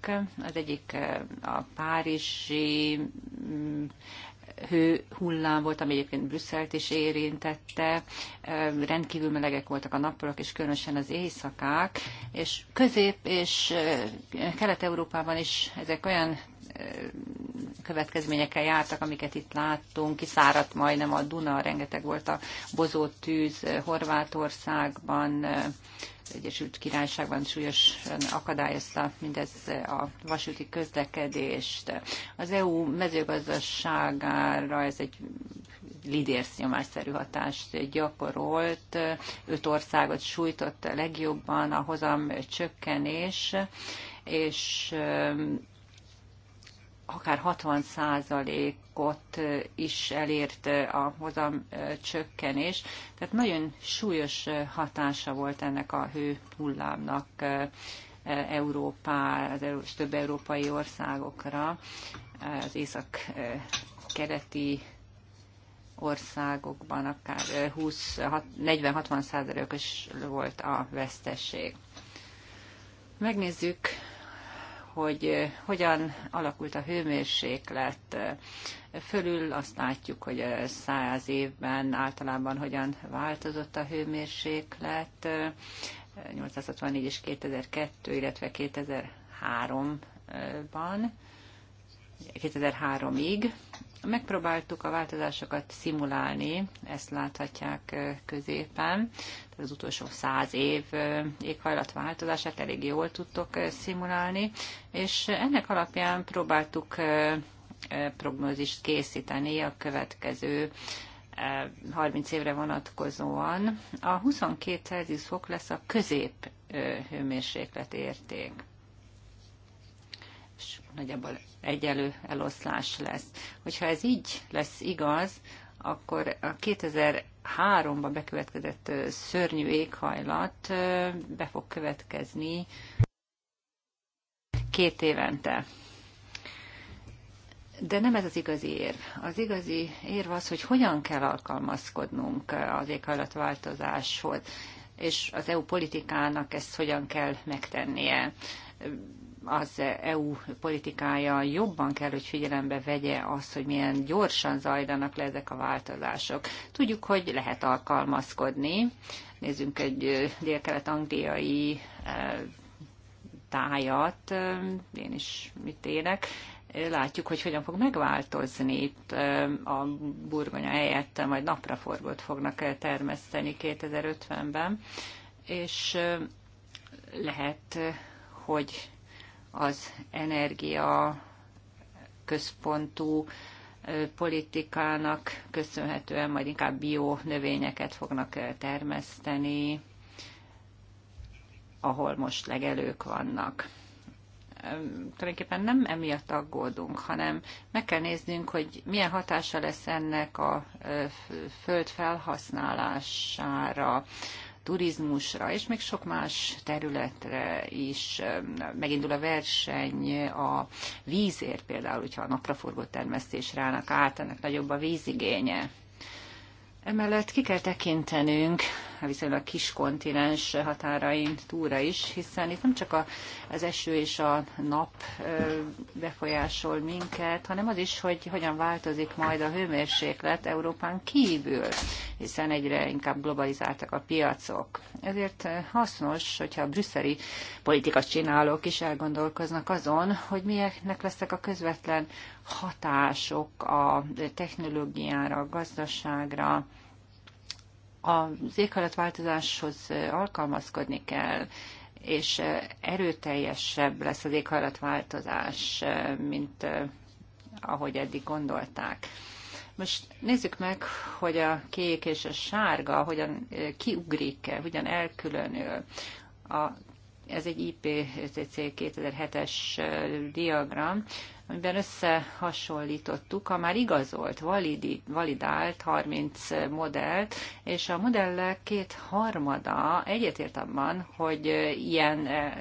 Az egyik eh, a párizsi mm, hő hullám volt, ami egyébként Brüsszelt is érintette, eh, rendkívül melegek voltak a nappalok, és különösen az éjszakák, és Közép- és Kelet-Európában is ezek olyan következményekkel jártak, amiket itt láttunk, kiszáradt majdnem a Duna, rengeteg volt a bozótűz Horvátországban, Egyesült Királyságban súlyosan akadályozta mindez a vasúti közlekedést. Az EU mezőgazdaságára ez egy lidérsz nyomásszerű hatást gyakorolt, öt országot sújtott legjobban a hozam csökkenés, és akár 60 százalékot is elért a hozam csökkenés. Tehát nagyon súlyos hatása volt ennek a hő hullámnak Európá, az több európai országokra, az észak-keleti országokban akár 40-60 százalékos volt a vesztesség. Megnézzük hogy eh, hogyan alakult a hőmérséklet. Fölül azt látjuk, hogy eh, száz évben általában hogyan változott a hőmérséklet. 864 eh, és 2002, illetve 2003-ban, 2003-ig. Megpróbáltuk a változásokat szimulálni, ezt láthatják középen. Az utolsó száz év éghajlatváltozását elég jól tudtok szimulálni, és ennek alapján próbáltuk prognózist készíteni a következő 30 évre vonatkozóan. A 22 Celsius fok lesz a közép hőmérséklet érték nagyjából egyelő eloszlás lesz. Hogyha ez így lesz igaz, akkor a 2003-ban bekövetkezett szörnyű éghajlat be fog következni két évente. De nem ez az igazi érv. Az igazi érv az, hogy hogyan kell alkalmazkodnunk az éghajlatváltozáshoz, és az EU politikának ezt hogyan kell megtennie az EU politikája jobban kell, hogy figyelembe vegye azt, hogy milyen gyorsan zajlanak le ezek a változások. Tudjuk, hogy lehet alkalmazkodni. Nézzünk egy dél-kelet-angliai tájat, én is mit élek, látjuk, hogy hogyan fog megváltozni itt a burgonya helyett, majd napraforgót fognak termeszteni 2050-ben, és lehet, hogy az energia központú politikának köszönhetően majd inkább bio növényeket fognak termeszteni, ahol most legelők vannak tulajdonképpen nem emiatt aggódunk, hanem meg kell néznünk, hogy milyen hatása lesz ennek a föld felhasználására, turizmusra, és még sok más területre is megindul a verseny a vízért például, hogyha a napraforgó termesztés rának át, ennek nagyobb a vízigénye. Emellett ki kell tekintenünk viszonylag kis kontinens határain túlra is, hiszen itt nem csak az eső és a nap befolyásol minket, hanem az is, hogy hogyan változik majd a hőmérséklet Európán kívül, hiszen egyre inkább globalizáltak a piacok. Ezért hasznos, hogyha a brüsszeli politika csinálók is elgondolkoznak azon, hogy milyeknek lesznek a közvetlen hatások a technológiára, a gazdaságra, az éghajlatváltozáshoz alkalmazkodni kell, és erőteljesebb lesz az éghajlatváltozás, mint eh, ahogy eddig gondolták. Most nézzük meg, hogy a kék és a sárga hogyan eh, kiugrik, hogyan elkülönül. A, ez egy IPCC 2007-es eh, diagram amiben összehasonlítottuk a már igazolt, validi, validált 30 modellt, és a modellek két harmada egyetért abban, hogy ilyen eh,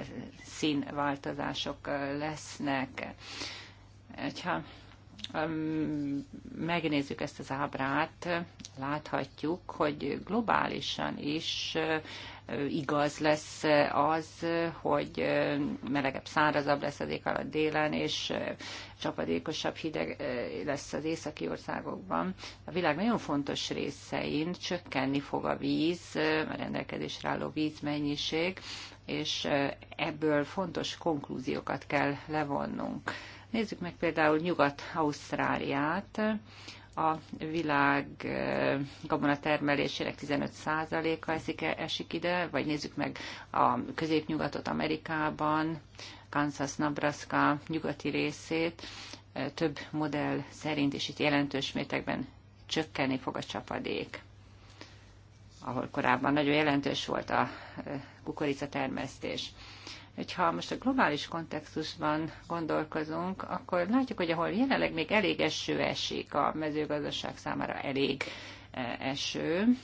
színváltozások eh, lesznek. Ha megnézzük ezt az ábrát, láthatjuk, hogy globálisan is eh, igaz lesz az, hogy melegebb, szárazabb lesz az ég alatt délen, és csapadékosabb hideg lesz az északi országokban. A világ nagyon fontos részein csökkenni fog a víz, a rendelkezésre álló vízmennyiség, és ebből fontos konklúziókat kell levonnunk. Nézzük meg például Nyugat-Ausztráliát a világ eh, gabona termelésének 15%-a esik, e, esik ide, vagy nézzük meg a középnyugatot Amerikában, Kansas, Nebraska nyugati részét, eh, több modell szerint is itt jelentős mértékben csökkenni fog a csapadék ahol korábban nagyon jelentős volt a eh, kukoricatermesztés hogyha most a globális kontextusban gondolkozunk, akkor látjuk, hogy ahol jelenleg még elég eső esik, a mezőgazdaság számára elég e, eső,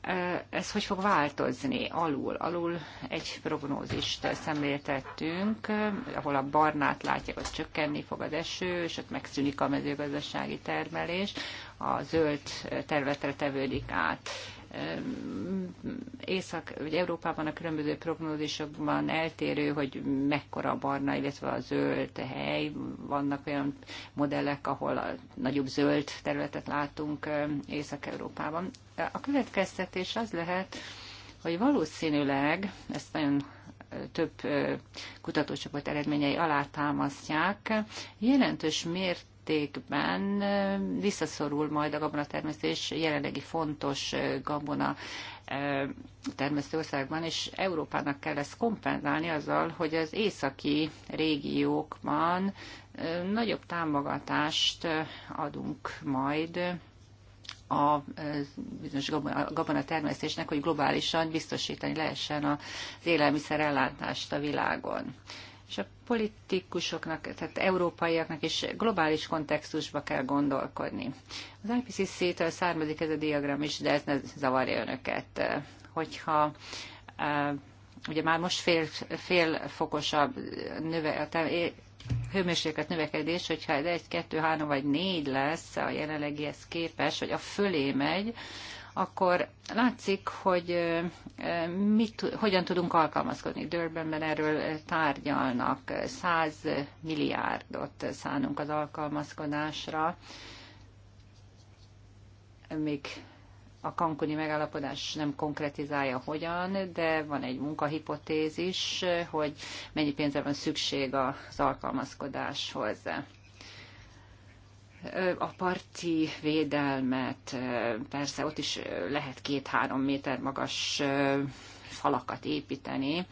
e, ez hogy fog változni alul? Alul egy prognózist szemléltettünk, ahol a barnát látják, hogy csökkenni fog az eső, és ott megszűnik a mezőgazdasági termelés, a zöld területre tevődik át. Észak, vagy Európában a különböző prognózisokban eltérő, hogy mekkora a barna, illetve a zöld hely. Vannak olyan modellek, ahol a nagyobb zöld területet látunk Észak-Európában. A következtetés az lehet, hogy valószínűleg, ezt nagyon több kutatócsoport eredményei alátámasztják, jelentős mért mértékben visszaszorul majd a gabonatermesztés jelenlegi fontos gabona termesztő országban, és Európának kell ezt kompenzálni azzal, hogy az északi régiókban nagyobb támogatást adunk majd a bizonyos gabona hogy globálisan biztosítani lehessen az élelmiszer ellátást a világon és a politikusoknak, tehát európaiaknak is globális kontextusba kell gondolkodni. Az IPCC-től származik ez a diagram is, de ez ne zavarja önöket. Hogyha ugye már most fél, fél fokosabb a, növe, a hőmérséklet növekedés, hogyha ez egy, kettő, három vagy négy lesz a jelenlegihez képes, vagy a fölé megy, akkor látszik, hogy mit, hogyan tudunk alkalmazkodni. Durbanben erről tárgyalnak, 100 milliárdot szánunk az alkalmazkodásra, még a kankuni megállapodás nem konkretizálja hogyan, de van egy munkahipotézis, hogy mennyi pénzre van szükség az alkalmazkodáshoz a parti védelmet, persze ott is lehet két-három méter magas falakat építeni,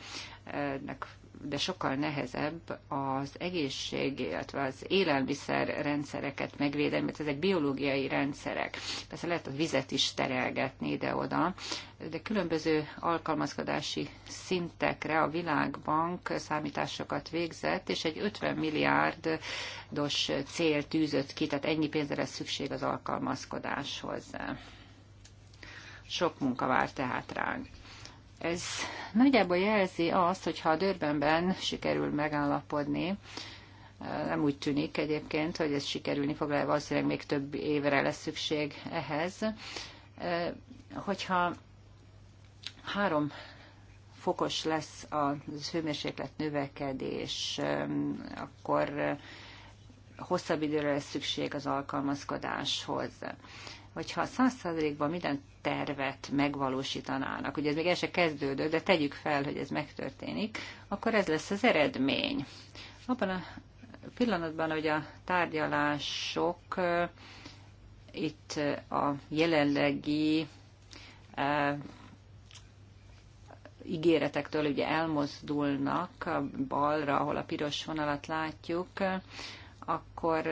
ennek de sokkal nehezebb az egészség, illetve az élelmiszer rendszereket megvédeni, mert ezek biológiai rendszerek. Persze lehet a vizet is terelgetni ide-oda, de különböző alkalmazkodási szintekre a Világbank számításokat végzett, és egy 50 milliárdos cél tűzött ki, tehát ennyi pénzre lesz szükség az alkalmazkodáshoz. Sok munka vár tehát ránk. Ez nagyjából jelzi azt, hogy ha a Dörbenben sikerül megállapodni, nem úgy tűnik egyébként, hogy ez sikerülni fog, le, valószínűleg még több évre lesz szükség ehhez. Hogyha három fokos lesz a hőmérséklet növekedés, akkor hosszabb időre lesz szükség az alkalmazkodáshoz hogyha száz százalékban minden tervet megvalósítanának, ugye ez még el se kezdődött, de tegyük fel, hogy ez megtörténik, akkor ez lesz az eredmény. Abban a pillanatban, hogy a tárgyalások itt a jelenlegi ígéretektől ugye elmozdulnak a balra, ahol a piros vonalat látjuk, akkor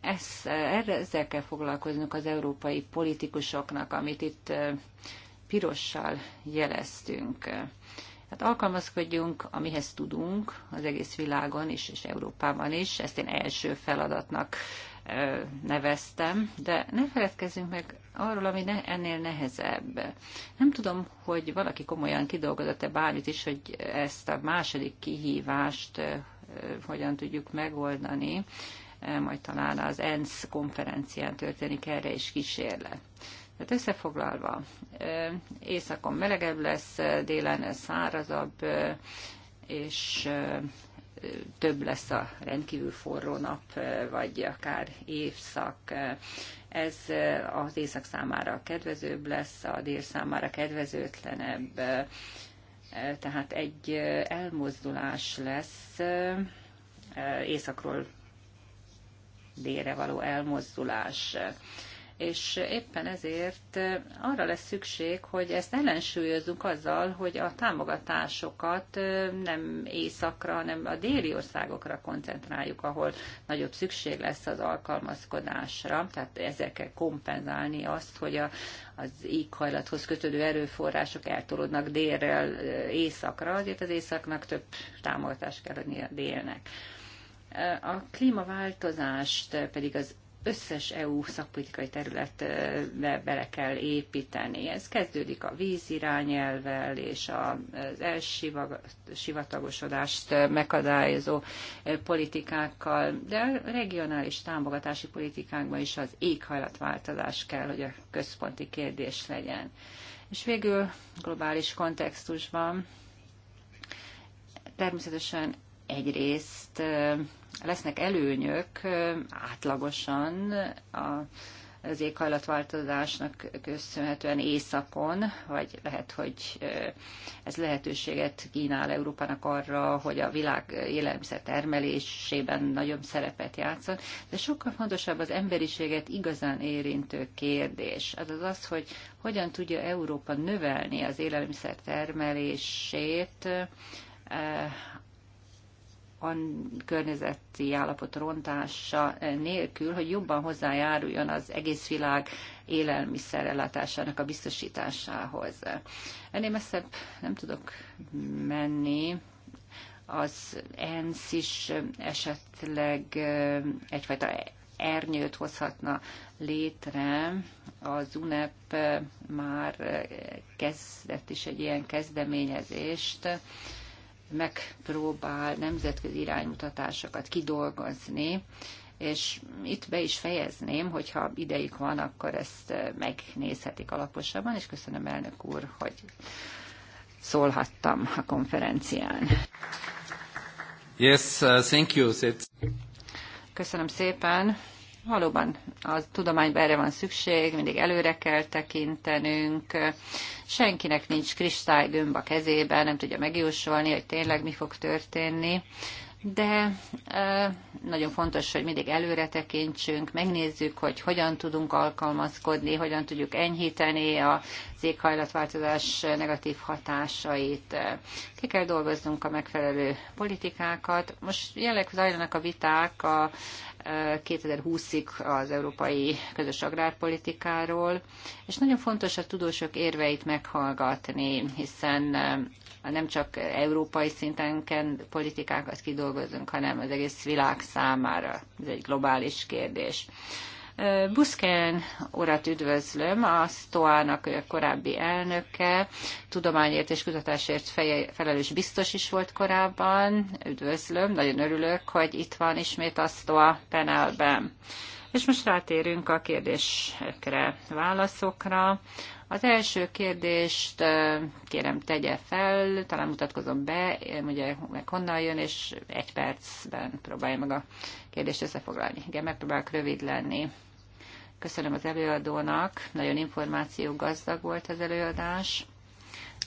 ez, erre, ezzel kell foglalkoznunk az európai politikusoknak, amit itt pirossal jeleztünk. Hát alkalmazkodjunk, amihez tudunk az egész világon is, és Európában is. Ezt én első feladatnak neveztem, de ne feledkezzünk meg arról, ami ne, ennél nehezebb. Nem tudom, hogy valaki komolyan kidolgozott-e bármit is, hogy ezt a második kihívást hogyan tudjuk megoldani. Eh, majd talán az ENSZ konferencián történik erre is kísérlet. Tehát összefoglalva, eh, éjszakon melegebb lesz, eh, délen szárazabb, és több lesz a rendkívül forró nap, vagy akár évszak. Ez az éjszak számára kedvezőbb lesz, a dél számára kedvezőtlenebb tehát egy elmozdulás lesz, északról délre való elmozdulás és éppen ezért arra lesz szükség, hogy ezt ellensúlyozzunk azzal, hogy a támogatásokat nem északra, hanem a déli országokra koncentráljuk, ahol nagyobb szükség lesz az alkalmazkodásra, tehát ezzel kell kompenzálni azt, hogy a, az éghajlathoz kötődő erőforrások eltolódnak délről északra, azért az északnak több támogatást kell adni a délnek. A klímaváltozást pedig az összes EU szakpolitikai területbe bele kell építeni. Ez kezdődik a vízirányelvel és az elsivatagosodást megadályozó politikákkal, de a regionális támogatási politikákban is az éghajlatváltozás kell, hogy a központi kérdés legyen. És végül globális kontextusban természetesen egyrészt lesznek előnyök átlagosan az éghajlatváltozásnak köszönhetően északon, vagy lehet, hogy ez lehetőséget kínál Európának arra, hogy a világ élelmiszer termelésében nagyobb szerepet játszon, de sokkal fontosabb az emberiséget igazán érintő kérdés. Az az az, hogy hogyan tudja Európa növelni az élelmiszer termelését, a környezeti állapot rontása nélkül, hogy jobban hozzájáruljon az egész világ élelmiszerellátásának a biztosításához. Ennél messzebb nem tudok menni, az ENSZ is esetleg egyfajta ernyőt hozhatna létre. Az UNEP már kezdett is egy ilyen kezdeményezést, megpróbál nemzetközi iránymutatásokat kidolgozni, és itt be is fejezném, hogyha ideig van, akkor ezt megnézhetik alaposabban, és köszönöm elnök úr, hogy szólhattam a konferencián.
Yes, uh, thank you.
Köszönöm szépen valóban a tudományban erre van szükség, mindig előre kell tekintenünk, senkinek nincs kristálygömb a kezében, nem tudja megjósolni, hogy tényleg mi fog történni, de nagyon fontos, hogy mindig előre tekintsünk, megnézzük, hogy hogyan tudunk alkalmazkodni, hogyan tudjuk enyhíteni az éghajlatváltozás negatív hatásait. Ki kell dolgoznunk a megfelelő politikákat. Most jelenleg zajlanak a viták a 2020-ig az európai közös agrárpolitikáról, és nagyon fontos a tudósok érveit meghallgatni, hiszen eh, nem csak európai szinten kell politikákat kidolgozunk, hanem az egész világ számára. Ez egy globális kérdés. Buszken urat üdvözlöm, a STOA-nak korábbi elnöke, tudományért és kutatásért feje, felelős biztos is volt korábban. Üdvözlöm, nagyon örülök, hogy itt van ismét a STOA panelben. És most rátérünk a kérdésekre, válaszokra. Az első kérdést kérem tegye fel, talán mutatkozom be, ugye meg honnan jön, és egy percben próbálja meg a kérdést összefoglalni. Igen, megpróbálok rövid lenni. Köszönöm az előadónak, nagyon információ gazdag volt az előadás,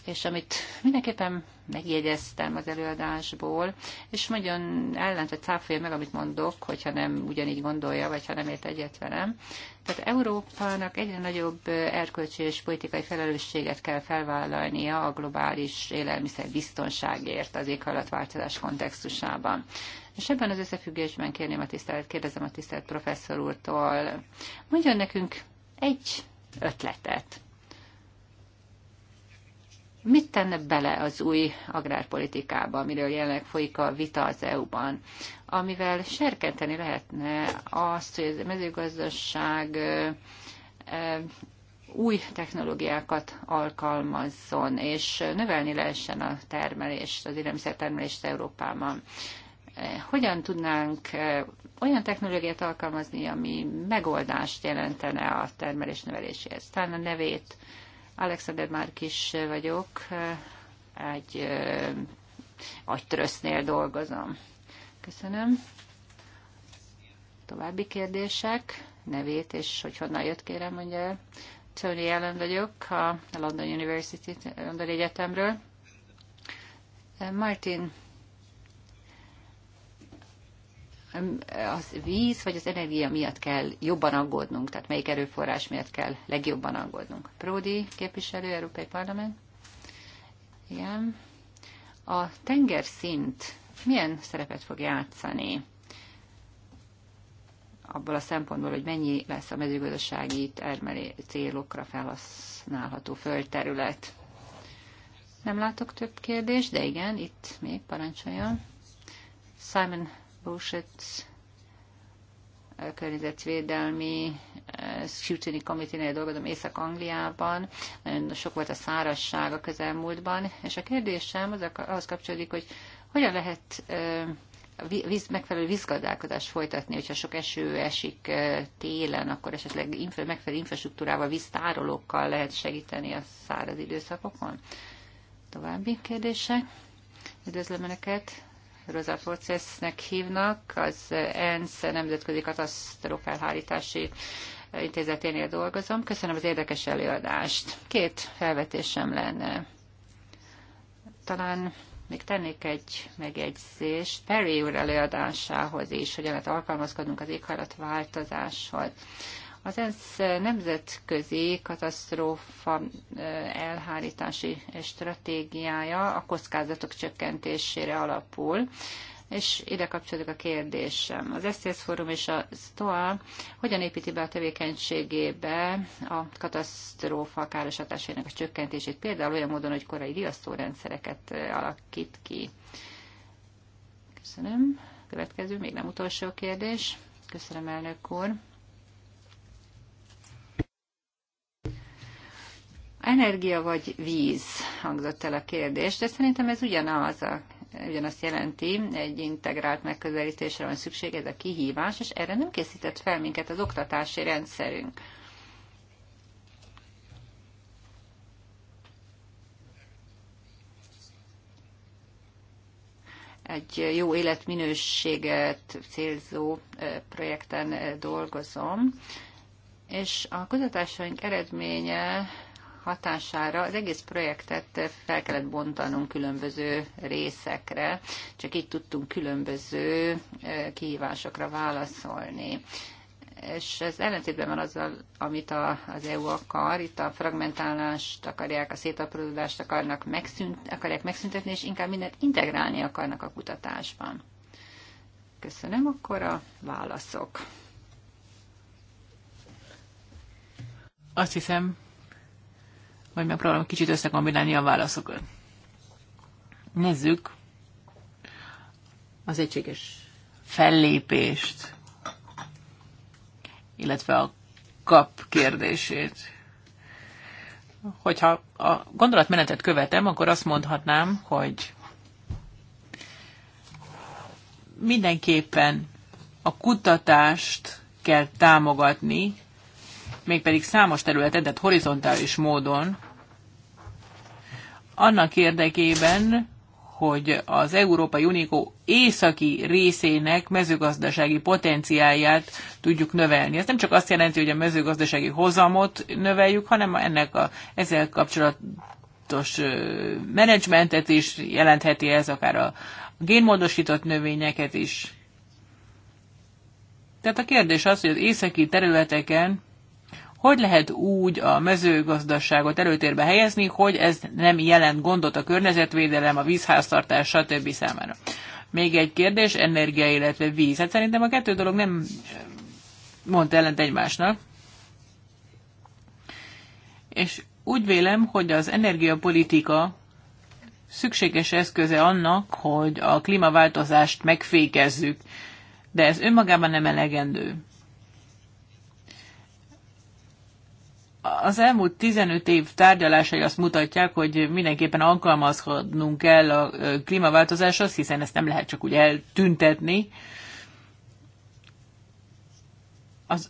és amit mindenképpen megjegyeztem az előadásból, és nagyon ellent, hogy cáfolja meg, amit mondok, hogyha nem ugyanígy gondolja, vagy ha nem ért egyet velem. Tehát Európának egyre nagyobb erkölcsi és politikai felelősséget kell felvállalnia a globális élelmiszer biztonságért az éghajlatváltozás kontextusában. És ebben az összefüggésben kérném a tisztelt, kérdezem a tisztelt professzor úrtól, mondjon nekünk egy ötletet. Mit tenne bele az új agrárpolitikába, amiről jelenleg folyik a vita az EU-ban, amivel serkenteni lehetne azt, hogy a mezőgazdaság új technológiákat alkalmazzon, és növelni lehessen a termelést, az élelmiszertermelést Európában hogyan tudnánk olyan technológiát alkalmazni, ami megoldást jelentene a termelés növeléséhez. Talán a nevét Alexander Márkis vagyok, egy agytrösznél dolgozom. Köszönöm. További kérdések, nevét és hogy honnan jött, kérem, mondja el. Tony Allen vagyok, a London University, London Egyetemről. Martin az víz vagy az energia miatt kell jobban aggódnunk, tehát melyik erőforrás miatt kell legjobban aggódnunk. Pródi képviselő, Európai Parlament. Igen. A tengerszint milyen szerepet fog játszani? abból a szempontból, hogy mennyi lesz a mezőgazdasági termelé célokra felhasználható földterület. Nem látok több kérdést, de igen, itt még parancsoljon. Simon Bouchets környezetvédelmi eh, Scrutiny Committee-nél dolgozom Észak-Angliában, nagyon sok volt a szárazság a közelmúltban, és a kérdésem az, ahhoz kapcsolódik, hogy hogyan lehet eh, víz, megfelelő vízgazdálkodást folytatni, hogyha sok eső esik eh, télen, akkor esetleg infra, megfelelő infrastruktúrával, víztárolókkal lehet segíteni a száraz időszakokon? További kérdések? Üdvözlöm Önöket! Rosa Forcesnek hívnak, az ENSZ Nemzetközi Katasztrófelhárítási Intézeténél dolgozom. Köszönöm az érdekes előadást. Két felvetésem lenne. Talán még tennék egy megjegyzést Perry úr előadásához is, hogy lehet alkalmazkodnunk az éghajlatváltozáshoz. Az ENSZ nemzetközi katasztrófa elhárítási stratégiája a kockázatok csökkentésére alapul, és ide kapcsolódik a kérdésem. Az SZSZ Fórum és a STOA hogyan építi be a tevékenységébe a katasztrófa káros hatásainak a csökkentését, például olyan módon, hogy korai riasztórendszereket alakít ki. Köszönöm. Következő, még nem utolsó kérdés. Köszönöm, elnök úr. Energia vagy víz hangzott el a kérdés, de szerintem ez ugyanaz a ugyanazt jelenti, egy integrált megközelítésre van szükség, ez a kihívás, és erre nem készített fel minket az oktatási rendszerünk. Egy jó életminőséget célzó projekten dolgozom, és a kutatásaink eredménye hatására az egész projektet fel kellett bontanunk különböző részekre, csak így tudtunk különböző eh, kihívásokra válaszolni és ez ellentétben van azzal, amit a, az EU akar, itt a fragmentálást akarják, a szétaprózódást akarnak megszünt, akarják megszüntetni, és inkább mindent integrálni akarnak a kutatásban. Köszönöm, akkor a válaszok. Azt
hiszem, vagy megpróbálom kicsit összekombinálni a válaszokat. Nézzük az egységes fellépést, illetve a kap kérdését. Hogyha a gondolatmenetet követem, akkor azt mondhatnám, hogy mindenképpen a kutatást kell támogatni, mégpedig számos területen, tehát horizontális módon, annak érdekében, hogy az Európai Unió északi részének mezőgazdasági potenciáját tudjuk növelni. Ez nem csak azt jelenti, hogy a mezőgazdasági hozamot növeljük, hanem ennek a ezzel kapcsolatos menedzsmentet is jelentheti ez, akár a génmódosított növényeket is. Tehát a kérdés az, hogy az északi területeken hogy lehet úgy a mezőgazdaságot előtérbe helyezni, hogy ez nem jelent gondot a környezetvédelem, a vízháztartás, stb. számára? Még egy kérdés, energia, illetve víz. Hát szerintem a kettő dolog nem mond ellent egymásnak. És úgy vélem, hogy az energiapolitika szükséges eszköze annak, hogy a klímaváltozást megfékezzük, de ez önmagában nem elegendő. az elmúlt 15 év tárgyalásai azt mutatják, hogy mindenképpen alkalmazkodnunk kell a klímaváltozáshoz, hiszen ezt nem lehet csak úgy eltüntetni. Az,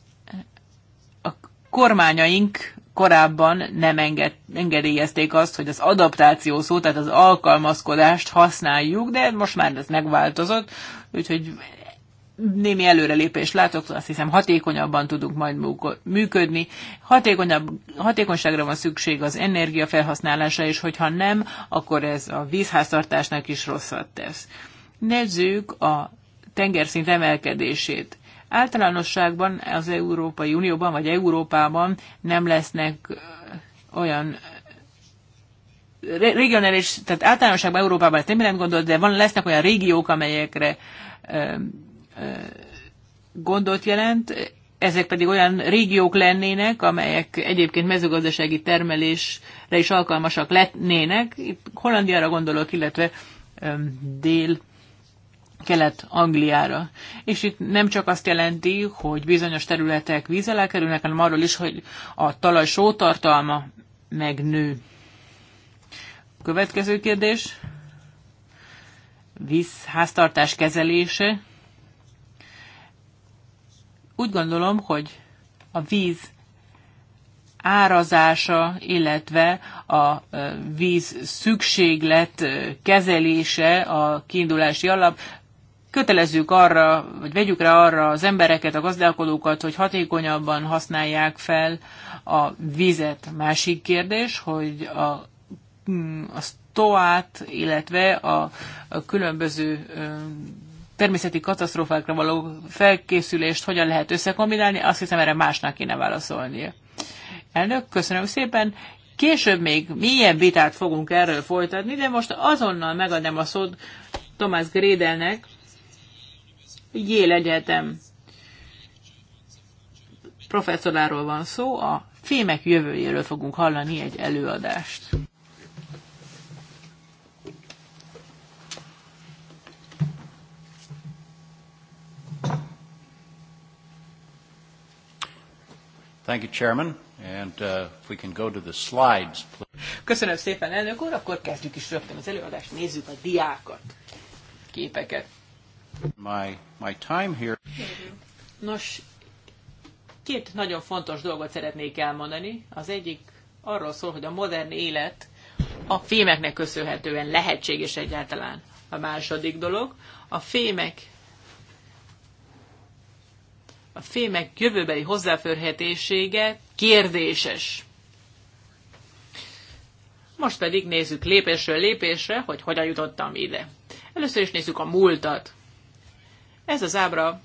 a kormányaink korábban nem enged, engedélyezték azt, hogy az adaptáció szó, tehát az alkalmazkodást használjuk, de most már ez megváltozott, úgyhogy némi előrelépést látok, azt hiszem hatékonyabban tudunk majd működni. Hatékonyabb, hatékonyságra van szükség az energia felhasználása, és hogyha nem, akkor ez a vízháztartásnak is rosszat tesz. Nézzük a tengerszint emelkedését. Általánosságban az Európai Unióban vagy Európában nem lesznek olyan regionális, tehát általánosságban Európában ezt nem gondolt, de van, lesznek olyan régiók, amelyekre gondot jelent, ezek pedig olyan régiók lennének, amelyek egyébként mezőgazdasági termelésre is alkalmasak lennének. Itt Hollandiára gondolok, illetve dél Kelet-Angliára. És itt nem csak azt jelenti, hogy bizonyos területek víz alá kerülnek, hanem arról is, hogy a talaj sótartalma megnő. Következő kérdés. Vízháztartás kezelése. Úgy gondolom, hogy a víz árazása, illetve a víz szükséglet kezelése a kiindulási alap. Kötelezzük arra, vagy vegyük rá arra az embereket, a gazdálkodókat, hogy hatékonyabban használják fel a vizet. Másik kérdés, hogy a, mm, a stoát, illetve a, a különböző természeti katasztrófákra való felkészülést hogyan lehet összekombinálni, azt hiszem erre másnak kéne válaszolni. Elnök, köszönöm szépen. Később még milyen vitát fogunk erről folytatni, de most azonnal megadom a szót Tomás Grédelnek, Yale Egyetem professzoráról van szó, a fémek jövőjéről fogunk hallani egy előadást.
Thank you, Chairman. And uh, if we can go to the slides, please.
Köszönöm szépen, elnök úr, akkor kezdjük is rögtön az előadást, nézzük a diákat, képeket. My, my time here. Nos, két nagyon fontos dolgot szeretnék elmondani. Az egyik arról szól, hogy a modern élet a fémeknek köszönhetően lehetséges egyáltalán. A második dolog, a fémek a fémek jövőbeli hozzáférhetősége kérdéses. Most pedig nézzük lépésről lépésre, hogy hogyan jutottam ide. Először is nézzük a múltat. Ez az ábra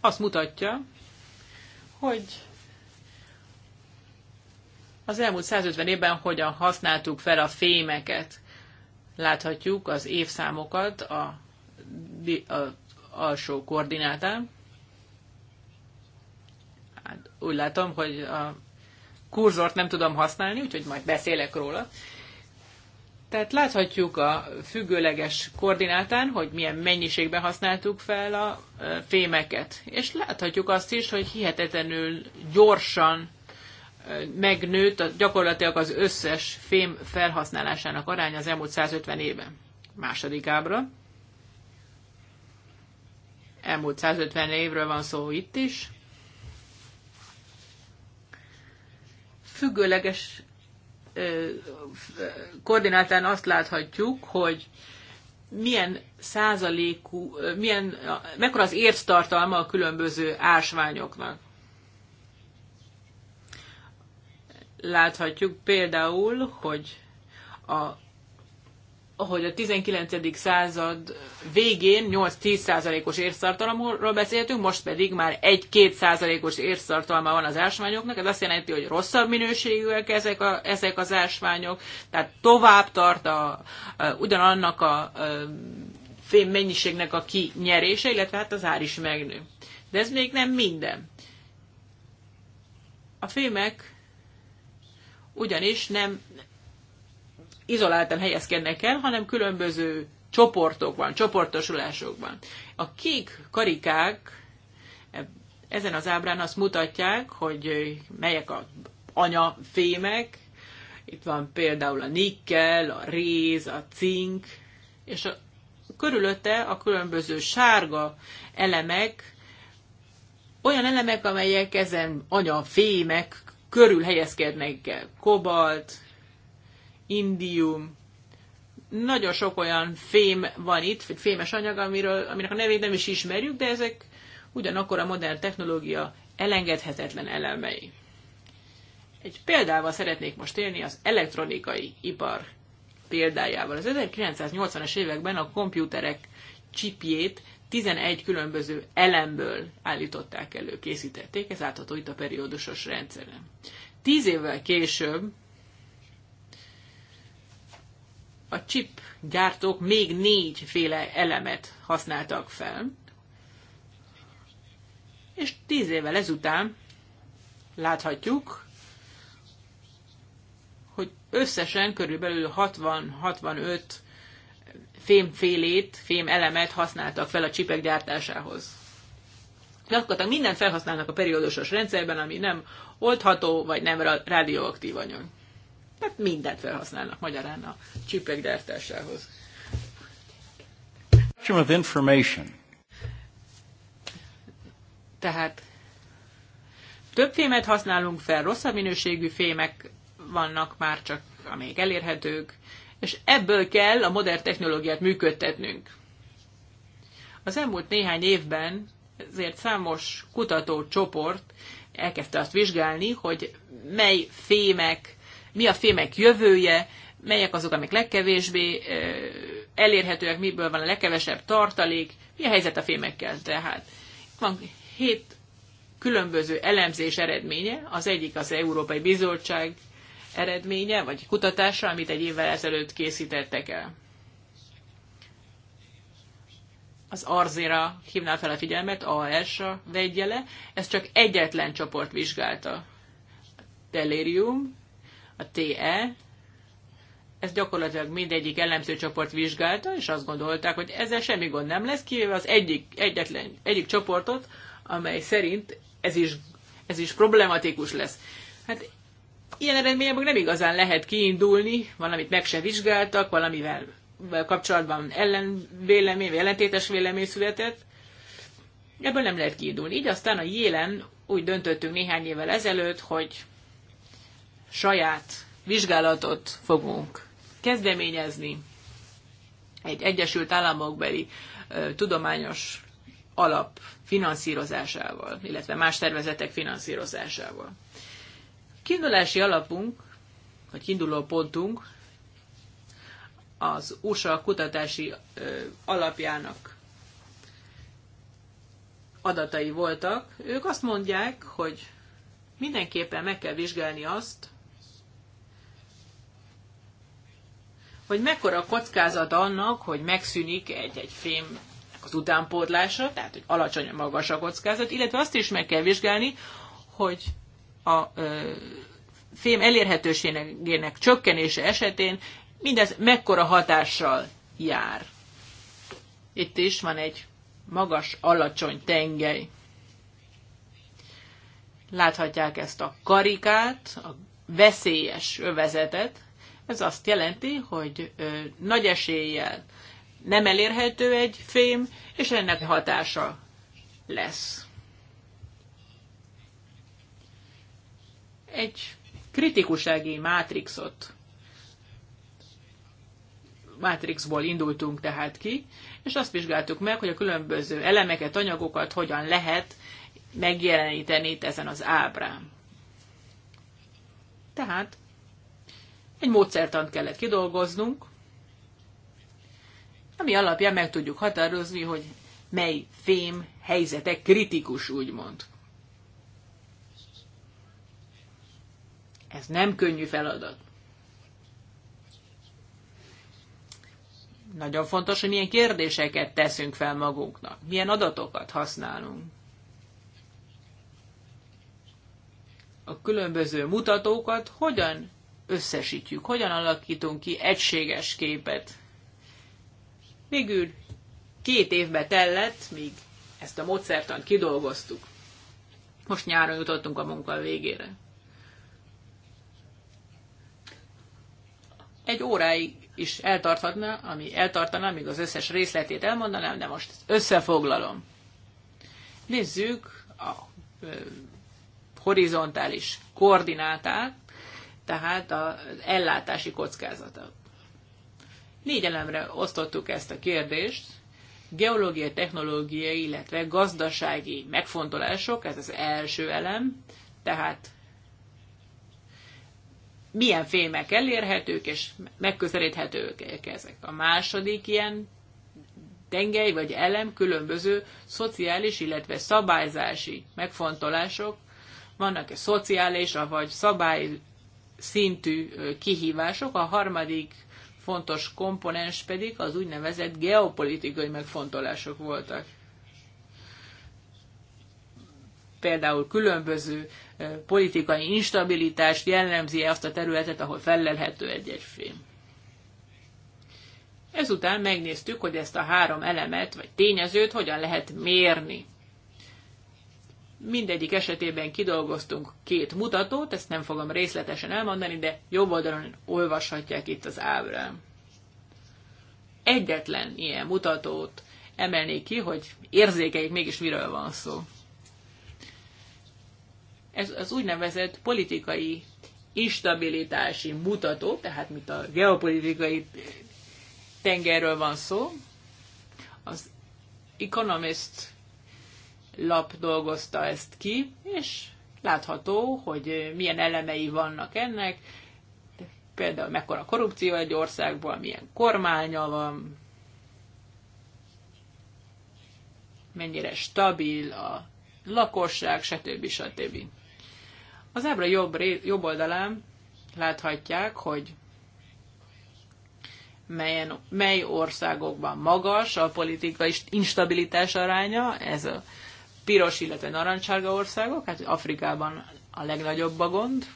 azt mutatja, hogy az elmúlt 150 évben hogyan használtuk fel a fémeket. Láthatjuk az évszámokat a, a alsó koordinátán. Hát úgy látom, hogy a kurzort nem tudom használni, úgyhogy majd beszélek róla. Tehát láthatjuk a függőleges koordinátán, hogy milyen mennyiségben használtuk fel a fémeket. És láthatjuk azt is, hogy hihetetlenül gyorsan megnőtt a, gyakorlatilag az összes fém felhasználásának aránya az elmúlt 150 évben. Második ábra. Elmúlt 150 évről van szó itt is. függőleges koordinátán azt láthatjuk, hogy milyen százalékú, milyen, mekkora az ért tartalma a különböző ásványoknak. Láthatjuk például, hogy a hogy a 19. század végén 8-10 százalékos érszartalomról beszéltünk, most pedig már 1-2 százalékos érszartalma van az ásványoknak, ez azt jelenti, hogy rosszabb minőségűek ezek, a, ezek az ásványok, tehát tovább tart a, a ugyanannak a, a fém mennyiségnek a kinyerése, illetve hát az ár is megnő. De ez még nem minden. A fémek ugyanis nem izoláltan helyezkednek el, hanem különböző csoportokban, csoportosulásokban. A kék karikák ezen az ábrán azt mutatják, hogy melyek a anyafémek, itt van például a nikkel, a réz, a cink, és a, körülötte a különböző sárga elemek, olyan elemek, amelyek ezen anyafémek körül helyezkednek el. Kobalt, indium, nagyon sok olyan fém van itt, vagy fémes anyag, amiről, aminek a nevét nem is ismerjük, de ezek ugyanakkor a modern technológia elengedhetetlen elemei. Egy példával szeretnék most élni az elektronikai ipar példájával. Az 1980-as években a komputerek csipjét 11 különböző elemből állították elő, készítették, ez átható itt a periódusos rendszeren. Tíz évvel később a chip gyártók még négyféle elemet használtak fel, és tíz évvel ezután láthatjuk, hogy összesen körülbelül 60-65 fémfélét, fém elemet használtak fel a csipek gyártásához. Gyakorlatilag mindent felhasználnak a periódusos rendszerben, ami nem oldható, vagy nem radioaktív anyag. Tehát mindent felhasználnak magyarán a csípek gyártásához. Of information. Tehát több fémet használunk fel, rosszabb minőségű fémek vannak már csak, amelyek elérhetők, és ebből kell a modern technológiát működtetnünk. Az elmúlt néhány évben ezért számos kutatócsoport elkezdte azt vizsgálni, hogy mely fémek mi a fémek jövője, melyek azok, amik legkevésbé elérhetőek, miből van a legkevesebb tartalék, mi a helyzet a fémekkel? tehát. Van hét különböző elemzés eredménye, az egyik az Európai Bizottság eredménye, vagy kutatása, amit egy évvel ezelőtt készítettek el. Az Arzira hívnál fel a figyelmet, AS-ra vegye Ez csak egyetlen csoport vizsgálta. Delirium, a TE, ezt gyakorlatilag mindegyik elemzőcsoport vizsgálta, és azt gondolták, hogy ezzel semmi gond nem lesz, kivéve az egyik, egyetlen, egyik csoportot, amely szerint ez is, ez is problematikus lesz. Hát ilyen eredményekből nem igazán lehet kiindulni, valamit meg se vizsgáltak, valamivel kapcsolatban ellen vélemény, ellentétes vélemény született, ebből nem lehet kiindulni. Így aztán a jélen úgy döntöttünk néhány évvel ezelőtt, hogy saját vizsgálatot fogunk kezdeményezni egy Egyesült Államokbeli tudományos alap finanszírozásával, illetve más szervezetek finanszírozásával. Kiindulási alapunk, vagy kiinduló pontunk az USA kutatási alapjának adatai voltak. Ők azt mondják, hogy mindenképpen meg kell vizsgálni azt, hogy mekkora kockázat annak, hogy megszűnik egy, egy fém az utánpótlása, tehát hogy alacsony a magas a kockázat, illetve azt is meg kell vizsgálni, hogy a ö, fém elérhetőségének csökkenése esetén mindez mekkora hatással jár. Itt is van egy magas-alacsony tengely. Láthatják ezt a karikát, a veszélyes övezetet, ez azt jelenti, hogy ö, nagy eséllyel nem elérhető egy fém, és ennek hatása lesz. Egy kritikusági mátrixot mátrixból indultunk tehát ki, és azt vizsgáltuk meg, hogy a különböző elemeket, anyagokat hogyan lehet megjeleníteni itt ezen az ábrán. Tehát egy módszertant kellett kidolgoznunk, ami alapján meg tudjuk határozni, hogy mely fém helyzetek kritikus, úgymond. Ez nem könnyű feladat. Nagyon fontos, hogy milyen kérdéseket teszünk fel magunknak, milyen adatokat használunk. A különböző mutatókat hogyan összesítjük, hogyan alakítunk ki egységes képet. Végül két évbe tellett, míg ezt a módszertant kidolgoztuk. Most nyáron jutottunk a munka végére. Egy óráig is eltarthatna, ami eltartana, míg az összes részletét elmondanám, de most összefoglalom. Nézzük a horizontális koordinátát, tehát az ellátási kockázata. Négy elemre osztottuk ezt a kérdést, geológiai, technológiai, illetve gazdasági megfontolások, ez az első elem, tehát milyen fémek elérhetők és megközelíthetők ezek. A második ilyen tengely vagy elem különböző szociális, illetve szabályzási megfontolások, vannak-e szociális, vagy szabály, szintű kihívások, a harmadik fontos komponens pedig az úgynevezett geopolitikai megfontolások voltak. Például különböző politikai instabilitást jellemzi -e azt a területet, ahol fellelhető egy-egy fém. Ezután megnéztük, hogy ezt a három elemet vagy tényezőt hogyan lehet mérni. Mindegyik esetében kidolgoztunk két mutatót, ezt nem fogom részletesen elmondani, de jobb oldalon olvashatják itt az ábrán. Egyetlen ilyen mutatót emelnék ki, hogy érzékeljék mégis miről van szó. Ez az úgynevezett politikai instabilitási mutató, tehát mint a geopolitikai tengerről van szó, az Economist lap dolgozta ezt ki, és látható, hogy milyen elemei vannak ennek, például mekkora korrupció egy országban, milyen kormánya van, mennyire stabil a lakosság, stb. stb. Az ábra jobb, jobb oldalán láthatják, hogy melyen, mely országokban magas a politikai instabilitás aránya, ez a piros, illetve narancsárga országok, hát Afrikában a legnagyobb a gond.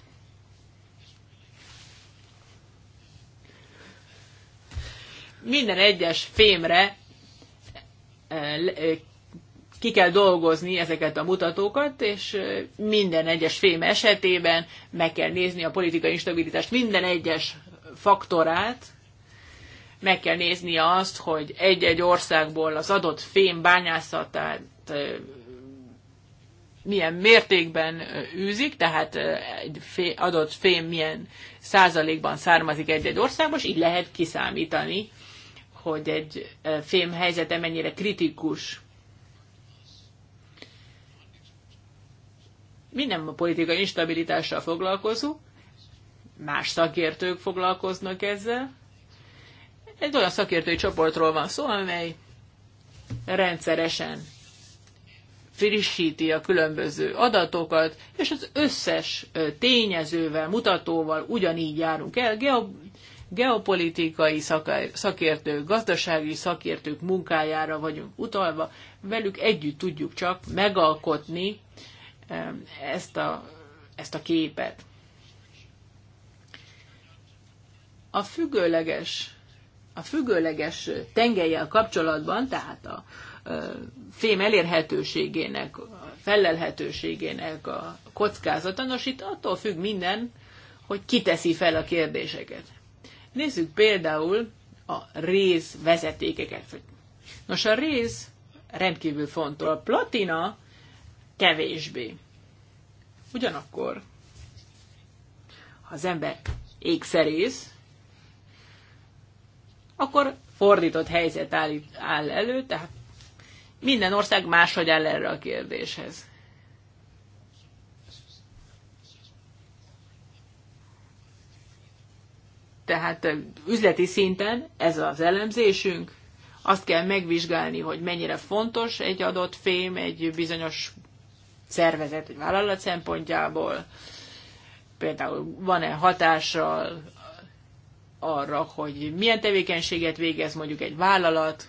Minden egyes fémre eh, eh, ki kell dolgozni ezeket a mutatókat, és eh, minden egyes fém esetében meg kell nézni a politikai instabilitást, minden egyes faktorát, meg kell nézni azt, hogy egy-egy országból az adott fém bányászatát milyen mértékben űzik, tehát egy fé, adott fém milyen százalékban származik egy-egy országban, és így lehet kiszámítani, hogy egy fém helyzete mennyire kritikus. Mi nem a politikai instabilitással foglalkozunk, más szakértők foglalkoznak ezzel. Egy olyan szakértői csoportról van szó, amely rendszeresen frissíti a különböző adatokat, és az összes tényezővel, mutatóval ugyanígy járunk el. Geo, geopolitikai szakértők, gazdasági szakértők munkájára vagyunk utalva, velük együtt tudjuk csak megalkotni ezt a, ezt a képet. A függőleges, a függőleges tengelyel kapcsolatban, tehát a, fém elérhetőségének, felelhetőségének a kockázata. Nos, itt attól függ minden, hogy ki teszi fel a kérdéseket. Nézzük például a réz vezetékeket. Nos, a réz rendkívül fontos. A platina kevésbé. Ugyanakkor, ha az ember ékszerész, akkor fordított helyzet áll, áll elő, tehát minden ország máshogy áll erre a kérdéshez. Tehát üzleti szinten ez az elemzésünk, azt kell megvizsgálni, hogy mennyire fontos egy adott fém egy bizonyos szervezet, egy vállalat szempontjából. Például van-e hatással arra, hogy milyen tevékenységet végez mondjuk egy vállalat,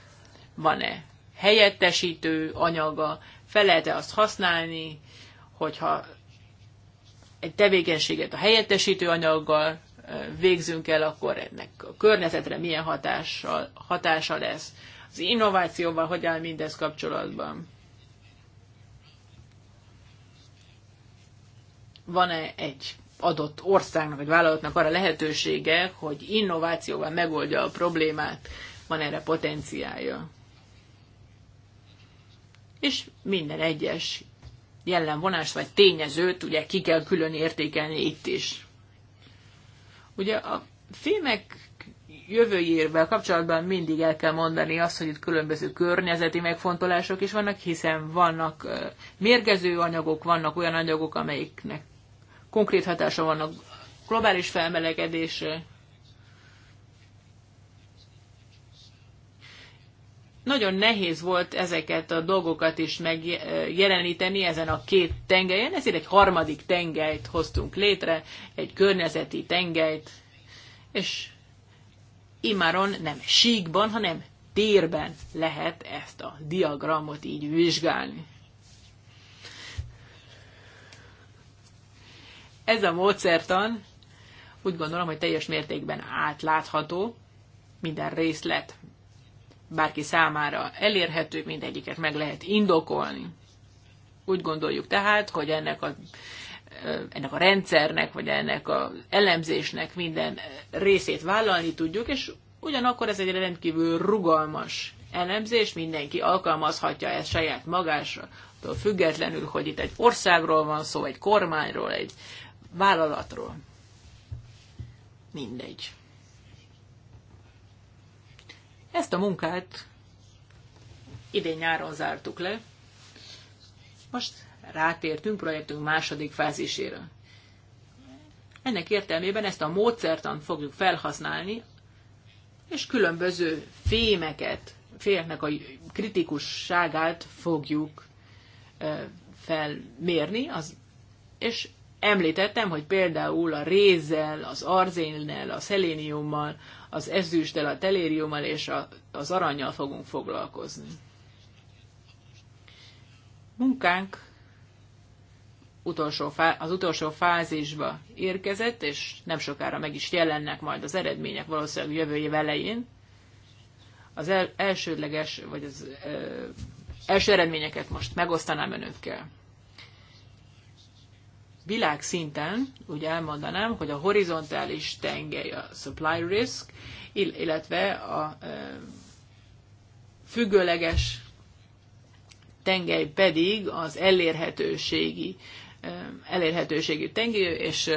van-e helyettesítő anyaga, fel lehet-e azt használni, hogyha egy tevékenységet a helyettesítő anyaggal végzünk el, akkor ennek a környezetre milyen hatással, hatása lesz. Az innovációval hogy áll mindez kapcsolatban? Van-e egy adott országnak vagy vállalatnak arra lehetősége, hogy innovációval megoldja a problémát? Van erre potenciálja? és minden egyes jellemvonás vagy tényezőt ugye ki kell külön értékelni itt is. Ugye a filmek jövőjével kapcsolatban mindig el kell mondani azt, hogy itt különböző környezeti megfontolások is vannak, hiszen vannak mérgező anyagok, vannak olyan anyagok, amelyiknek konkrét hatása vannak globális felmelegedésre, nagyon nehéz volt ezeket a dolgokat is megjeleníteni ezen a két tengelyen, ezért egy harmadik tengelyt hoztunk létre, egy környezeti tengelyt, és imáron nem síkban, hanem térben lehet ezt a diagramot így vizsgálni. Ez a módszertan úgy gondolom, hogy teljes mértékben átlátható, minden részlet bárki számára elérhető, mindegyiket meg lehet indokolni. Úgy gondoljuk tehát, hogy ennek a, ennek a rendszernek, vagy ennek az elemzésnek minden részét vállalni tudjuk, és ugyanakkor ez egy rendkívül rugalmas elemzés, mindenki alkalmazhatja ezt saját magásra, függetlenül, hogy itt egy országról van szó, egy kormányról, egy vállalatról. Mindegy. Ezt a munkát idén nyáron zártuk le. Most rátértünk projektünk második fázisére. Ennek értelmében ezt a módszertant fogjuk felhasználni, és különböző fémeket, félnek a kritikusságát fogjuk felmérni, az, és említettem, hogy például a rézzel, az arzénnel, a szeléniummal, az ezüsttel, a telériummal és a, az aranyjal fogunk foglalkozni. Munkánk utolsó fá, az utolsó fázisba érkezett, és nem sokára meg is jelennek majd az eredmények valószínűleg jövő év elején. Az el, elsődleges, vagy az ö, első eredményeket most megosztanám önökkel világszinten úgy elmondanám, hogy a horizontális tengely a supply risk, illetve a függőleges tengely pedig az elérhetőségi, elérhetőségi tengely, és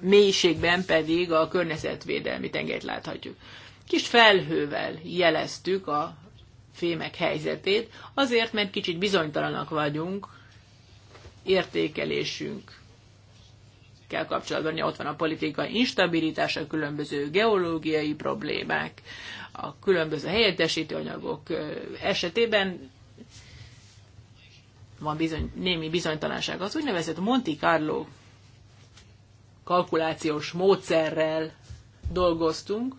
mélységben pedig a környezetvédelmi tengelyt láthatjuk. Kis felhővel jeleztük a fémek helyzetét, azért, mert kicsit bizonytalanak vagyunk értékelésünk kell kapcsolatban, ott van a politikai instabilitás, a különböző geológiai problémák, a különböző helyettesítő anyagok esetében van bizony, némi bizonytalanság. Az úgynevezett Monte Carlo kalkulációs módszerrel dolgoztunk.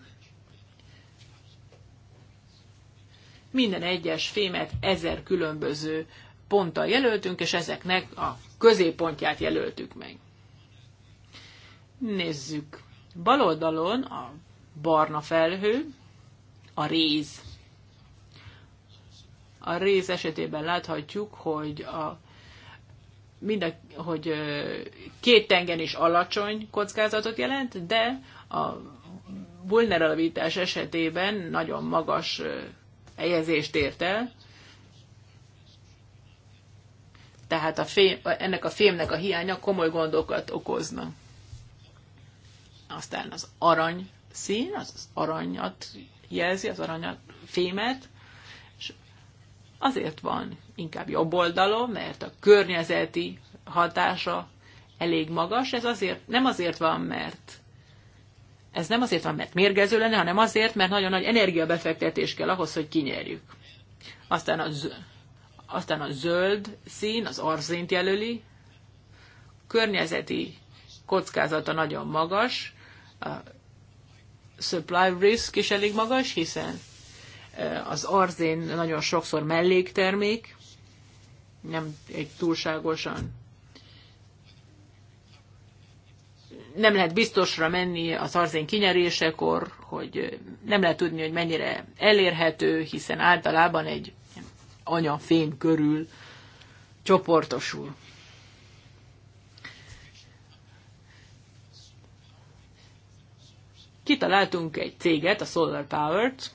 Minden egyes fémet ezer különböző ponttal jelöltünk, és ezeknek a középpontját jelöltük meg. Nézzük. Bal oldalon a barna felhő, a réz. A réz esetében láthatjuk, hogy a mind a, hogy két tengen is alacsony kockázatot jelent, de a vulnerabilitás esetében nagyon magas helyezést ért el. tehát a fém, ennek a fémnek a hiánya komoly gondokat okozna. Aztán az arany szín, az, az aranyat jelzi, az aranyat, fémet, és azért van inkább jobb oldalon, mert a környezeti hatása elég magas, ez azért, nem azért van, mert ez nem azért van, mert mérgező lenne, hanem azért, mert nagyon nagy energiabefektetés kell ahhoz, hogy kinyerjük. Aztán az aztán a zöld szín az arzént jelöli, környezeti kockázata nagyon magas, a supply risk is elég magas, hiszen az arzén nagyon sokszor melléktermék, nem egy túlságosan nem lehet biztosra menni az arzén kinyerésekor, hogy nem lehet tudni, hogy mennyire elérhető, hiszen általában egy anya fém körül csoportosul. Kitaláltunk egy céget, a Solar Power-t,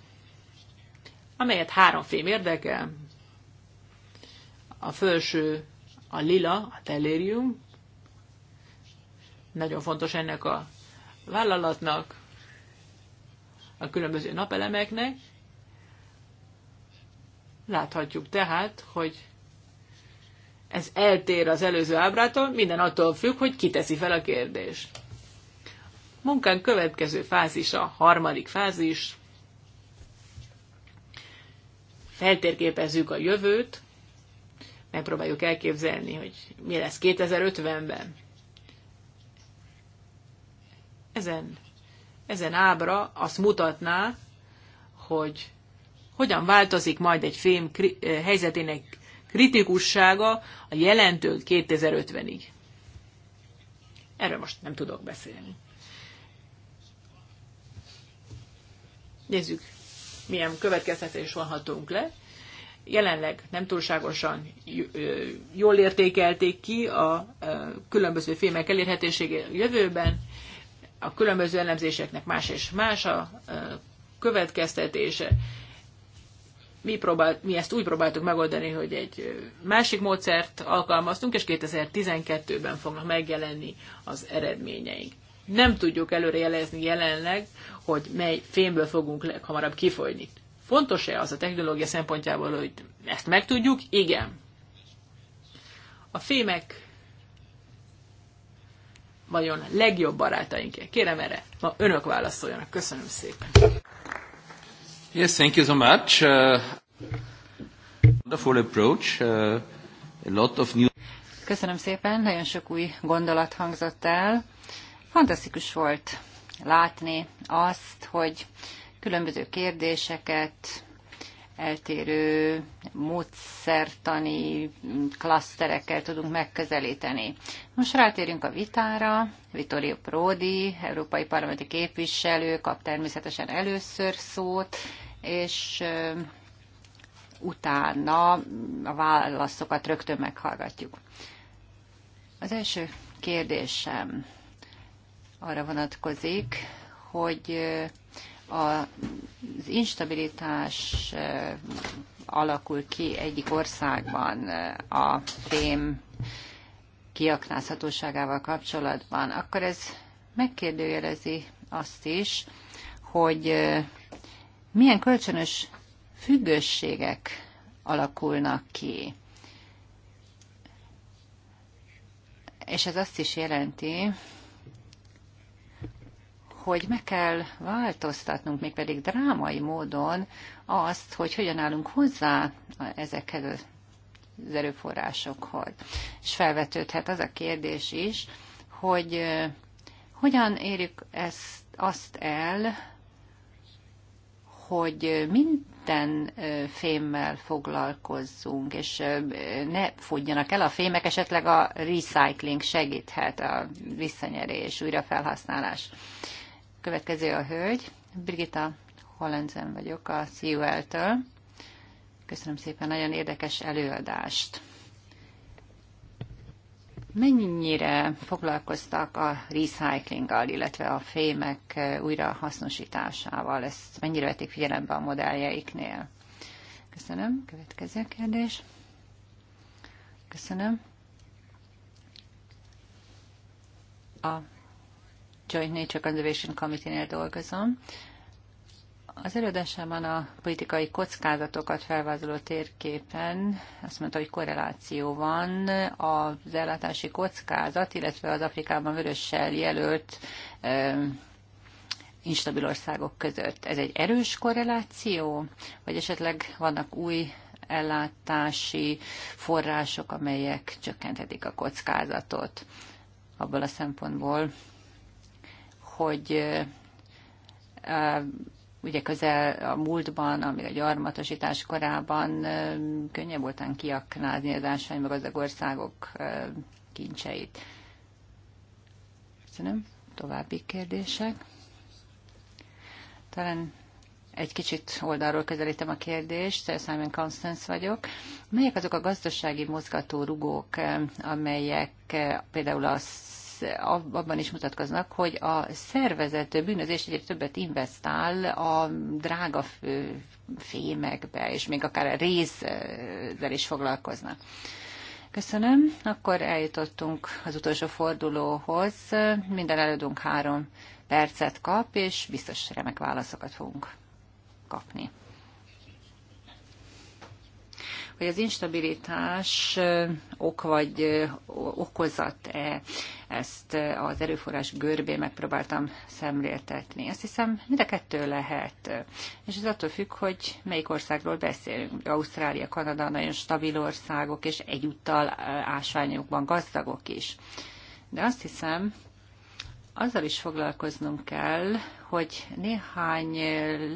amelyet három fém érdekel. A felső a lila, a tellérium. Nagyon fontos ennek a vállalatnak, a különböző napelemeknek, Láthatjuk tehát, hogy ez eltér az előző ábrától, minden attól függ, hogy kiteszi fel a kérdést. Munkánk következő fázisa, harmadik fázis. Feltérképezzük a jövőt, megpróbáljuk elképzelni, hogy mi lesz 2050-ben. Ezen, ezen ábra azt mutatná, hogy hogyan változik majd egy fém kri- helyzetének kritikussága a jelentől 2050-ig. Erről most nem tudok beszélni. Nézzük, milyen következtetés vonhatunk le. Jelenleg nem túlságosan jól értékelték ki a különböző filmek elérhetőségét a jövőben. A különböző elemzéseknek más és más a következtetése mi, próbált, mi ezt úgy próbáltuk megoldani, hogy egy másik módszert alkalmaztunk, és 2012-ben fognak megjelenni az eredményeink. Nem tudjuk előrejelezni jelenleg, hogy mely fémből fogunk leghamarabb kifolyni. Fontos-e az a technológia szempontjából, hogy ezt megtudjuk? Igen. A fémek vajon legjobb barátaink -e? Kérem erre, ma önök válaszoljanak. Köszönöm szépen. Yes, thank you so much. Uh, wonderful approach. Uh, a lot of new...
Köszönöm szépen, nagyon sok új gondolat hangzott el. Fantasztikus volt látni azt, hogy különböző kérdéseket, eltérő módszertani klaszterekkel tudunk megközelíteni. Most rátérünk a vitára. Vittorio Prodi, európai parlamenti képviselő, kap természetesen először szót, és utána a válaszokat rögtön meghallgatjuk. Az első kérdésem arra vonatkozik, hogy az instabilitás eh, alakul ki egyik országban eh, a fém kiaknázhatóságával kapcsolatban, akkor ez megkérdőjelezi azt is, hogy eh, milyen kölcsönös függőségek alakulnak ki. És ez azt is jelenti, hogy meg kell változtatnunk, mégpedig drámai módon azt, hogy hogyan állunk hozzá ezekhez az erőforrásokhoz. És felvetődhet az a kérdés is, hogy hogyan érjük ezt, azt el, hogy minden fémmel foglalkozzunk, és ne fogjanak el a fémek, esetleg a recycling segíthet, a visszanyerés, újrafelhasználás. Következő a hölgy. Brigitta Hollenzen vagyok a CUL-től. Köszönöm szépen, nagyon érdekes előadást. Mennyire foglalkoztak a recyclinggal, illetve a fémek újrahasznosításával? Ezt mennyire vették figyelembe a modelljeiknél? Köszönöm. Következő kérdés. Köszönöm. A Joint Nature Conservation Committee-nél dolgozom. Az előadásában a politikai kockázatokat felvázoló térképen azt mondta, hogy korreláció van az ellátási kockázat, illetve az Afrikában vörössel jelölt instabil országok között. Ez egy erős korreláció, vagy esetleg vannak új ellátási források, amelyek csökkenthetik a kockázatot abból a szempontból, hogy ugye közel a múltban, amíg a gyarmatosítás korában könnyebb voltán kiaknázni az ásvány meg az országok kincseit. Köszönöm. További kérdések? Talán egy kicsit oldalról közelítem a kérdést, Simon Constance vagyok. Melyek azok a gazdasági mozgató rugók, amelyek például a abban is mutatkoznak, hogy a szervezet bűnözés egyre többet investál a drága fémekbe, és még akár a részzel is foglalkoznak. Köszönöm. Akkor eljutottunk az utolsó fordulóhoz. Minden előadunk három percet kap, és biztos remek válaszokat fogunk kapni hogy az instabilitás ok vagy okozat-e, ezt az erőforrás görbé megpróbáltam szemléltetni. Azt hiszem, mind a kettő lehet. És ez attól függ, hogy melyik országról beszélünk. Ausztrália, Kanada nagyon stabil országok, és egyúttal ásványokban gazdagok is. De azt hiszem, azzal is foglalkoznunk kell, hogy néhány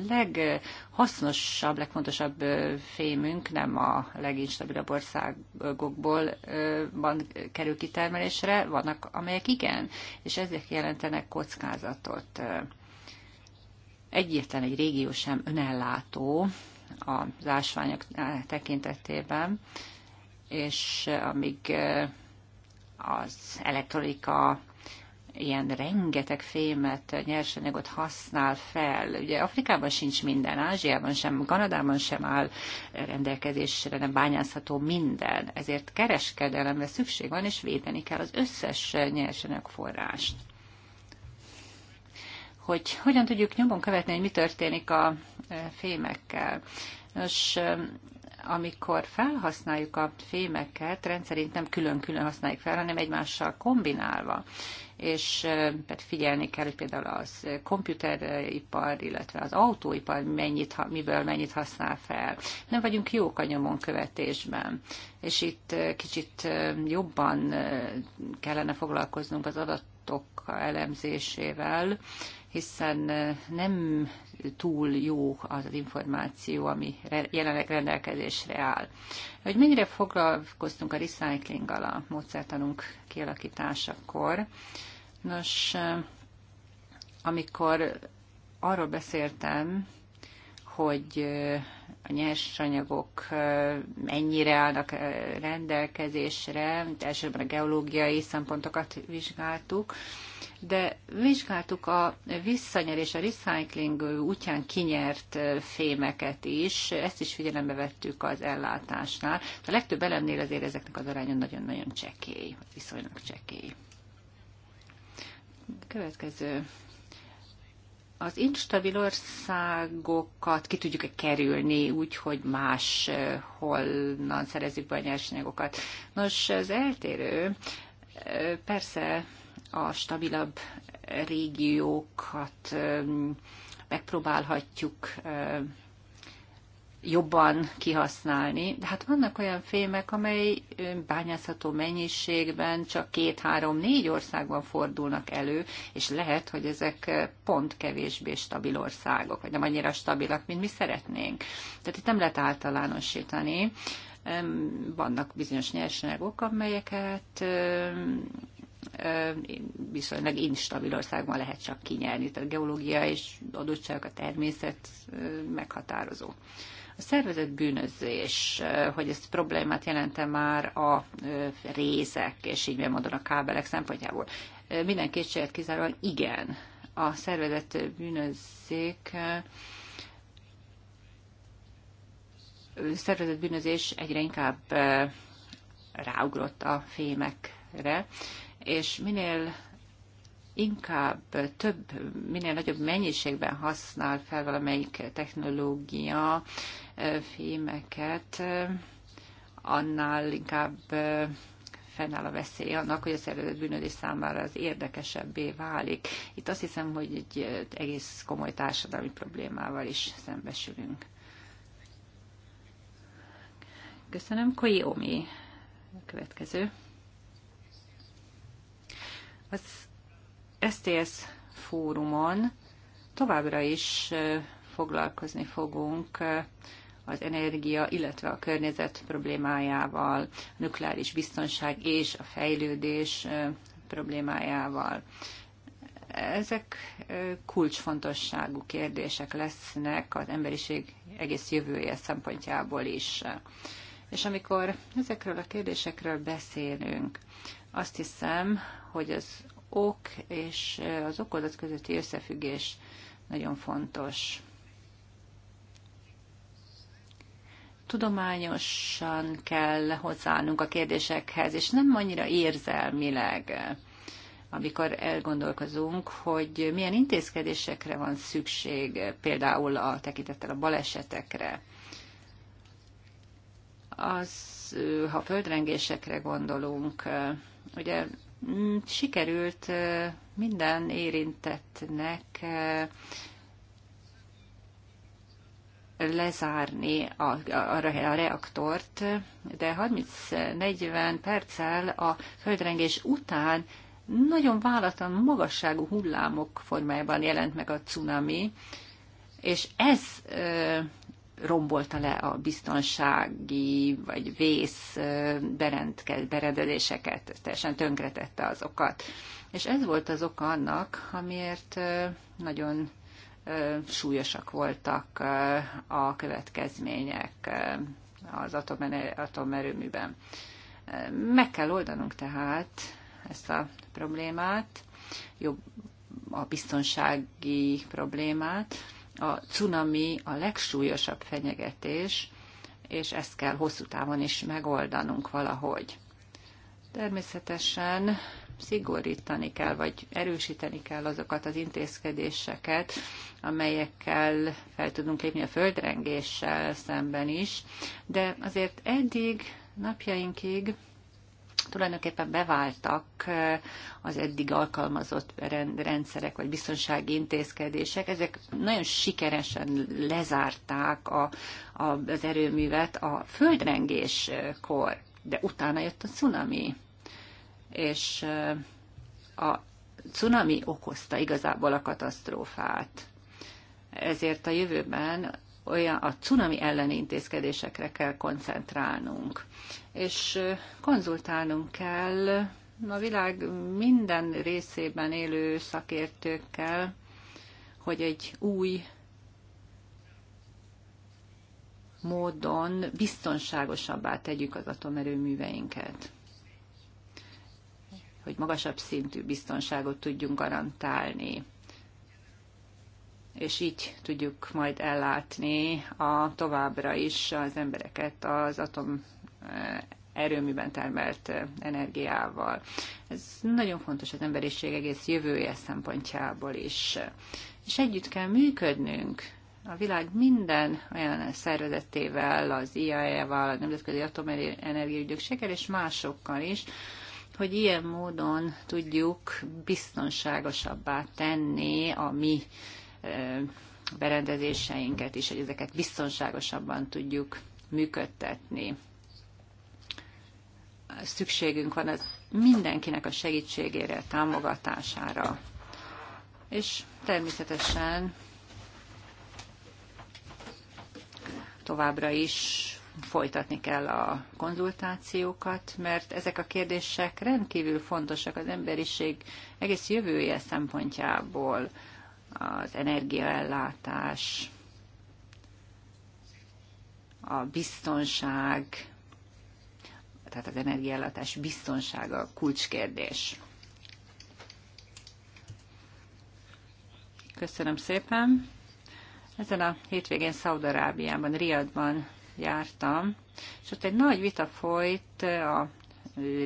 leghasznosabb, legfontosabb fémünk nem a leginstabilabb országokból van, kerül kitermelésre, vannak amelyek igen, és ezek jelentenek kockázatot. Egyetlen egy régió sem önellátó az ásványok tekintetében, és amíg az elektronika ilyen rengeteg fémet, nyersanyagot használ fel. Ugye Afrikában sincs minden, Ázsiában sem, Kanadában sem áll rendelkezésre, nem bányászható minden. Ezért kereskedelemre szükség van, és védeni kell az összes nyersanyagforrást hogy hogyan tudjuk nyomon követni, hogy mi történik a e, fémekkel. Nos, e, amikor felhasználjuk a fémeket, rendszerint nem külön-külön használjuk fel, hanem egymással kombinálva és figyelni kell, hogy például az kompjúteripar, illetve az autóipar mennyit, miből mennyit használ fel. Nem vagyunk jók a nyomon követésben, és itt kicsit jobban kellene foglalkoznunk az adatok elemzésével, hiszen nem túl jó az információ, ami jelenleg rendelkezésre áll. Hogy mennyire foglalkoztunk a recyclinggal a módszertanunk kialakításakor, nos, amikor arról beszéltem, hogy a nyersanyagok mennyire állnak rendelkezésre, elsősorban a geológiai szempontokat vizsgáltuk, de vizsgáltuk a visszanyerés, a recycling útján kinyert fémeket is, ezt is figyelembe vettük az ellátásnál. A legtöbb elemnél azért ezeknek az aránya nagyon-nagyon csekély, viszonylag csekély. Következő az instabil országokat ki tudjuk-e kerülni úgy, hogy máshonnan szerezzük be a nyersanyagokat. Nos, az eltérő persze a stabilabb régiókat megpróbálhatjuk jobban kihasználni. De hát vannak olyan fémek, amely bányászható mennyiségben csak két, három, négy országban fordulnak elő, és lehet, hogy ezek pont kevésbé stabil országok, vagy nem annyira stabilak, mint mi szeretnénk. Tehát itt nem lehet általánosítani. Vannak bizonyos nyersanyagok, amelyeket viszonylag instabil országban lehet csak kinyerni. Tehát a geológia és adottság a természet meghatározó. A szervezet bűnözés, hogy ez problémát jelente már a rézek, és így mondom a kábelek szempontjából. Minden kétséget kizáróan igen. A szervezett A szervezett bűnözés egyre inkább ráugrott a fémekre, és minél inkább több, minél nagyobb mennyiségben használ fel valamelyik technológia, fémeket, annál inkább fennáll a veszély annak, hogy a szervezet bűnözés számára az érdekesebbé válik. Itt azt hiszem, hogy egy egész komoly társadalmi problémával is szembesülünk. Köszönöm. Koi Omi a következő. Az STS fórumon továbbra is foglalkozni fogunk az energia, illetve a környezet problémájával, a nukleáris biztonság és a fejlődés problémájával. Ezek kulcsfontosságú kérdések lesznek az emberiség egész jövője szempontjából is. És amikor ezekről a kérdésekről beszélünk, azt hiszem, hogy az ok és az okozat közötti összefüggés nagyon fontos. tudományosan kell hozzáállnunk a kérdésekhez, és nem annyira érzelmileg amikor elgondolkozunk, hogy milyen intézkedésekre van szükség, például a tekintettel a balesetekre. Az, ha földrengésekre gondolunk, ugye sikerült minden érintettnek lezárni a, a, a reaktort, de 30-40 perccel a földrengés után nagyon vállatlan magasságú hullámok formájában jelent meg a cunami, és ez ö, rombolta le a biztonsági vagy vész berendezéseket, teljesen tönkretette azokat. És ez volt az oka annak, amiért nagyon súlyosak voltak a következmények az atomerőműben. Meg kell oldanunk tehát ezt a problémát, jobb a biztonsági problémát. A cunami a legsúlyosabb fenyegetés, és ezt kell hosszú távon is megoldanunk valahogy. Természetesen szigorítani kell, vagy erősíteni kell azokat az intézkedéseket, amelyekkel fel tudunk lépni a földrengéssel szemben is. De azért eddig, napjainkig tulajdonképpen beváltak eh, az eddig alkalmazott rendszerek vagy biztonsági intézkedések. Ezek nagyon sikeresen lezárták a, a, az erőművet a földrengéskor, de utána jött a cunami és a cunami okozta igazából a katasztrófát. Ezért a jövőben olyan a cunami elleni intézkedésekre kell koncentrálnunk, és konzultálnunk kell a világ minden részében élő szakértőkkel, hogy egy új módon biztonságosabbá tegyük az atomerőműveinket hogy magasabb szintű biztonságot tudjunk garantálni. És így tudjuk majd ellátni a továbbra is az embereket az atom eh, erőműben termelt eh, energiával. Ez nagyon fontos az emberiség egész jövője szempontjából is. És együtt kell működnünk a világ minden olyan szervezetével, az IAEA-val, a Nemzetközi Atomenergia Ügynökséggel és másokkal is, hogy ilyen módon tudjuk biztonságosabbá tenni a mi berendezéseinket is, hogy ezeket biztonságosabban tudjuk működtetni. Szükségünk van az mindenkinek a segítségére, támogatására. És természetesen továbbra is folytatni kell a konzultációkat, mert ezek a kérdések rendkívül fontosak az emberiség egész jövője szempontjából, az energiaellátás, a biztonság, tehát az energiaellátás biztonsága a kulcskérdés. Köszönöm szépen! Ezen a hétvégén Szaudarábiában, Riadban jártam, és ott egy nagy vita folyt a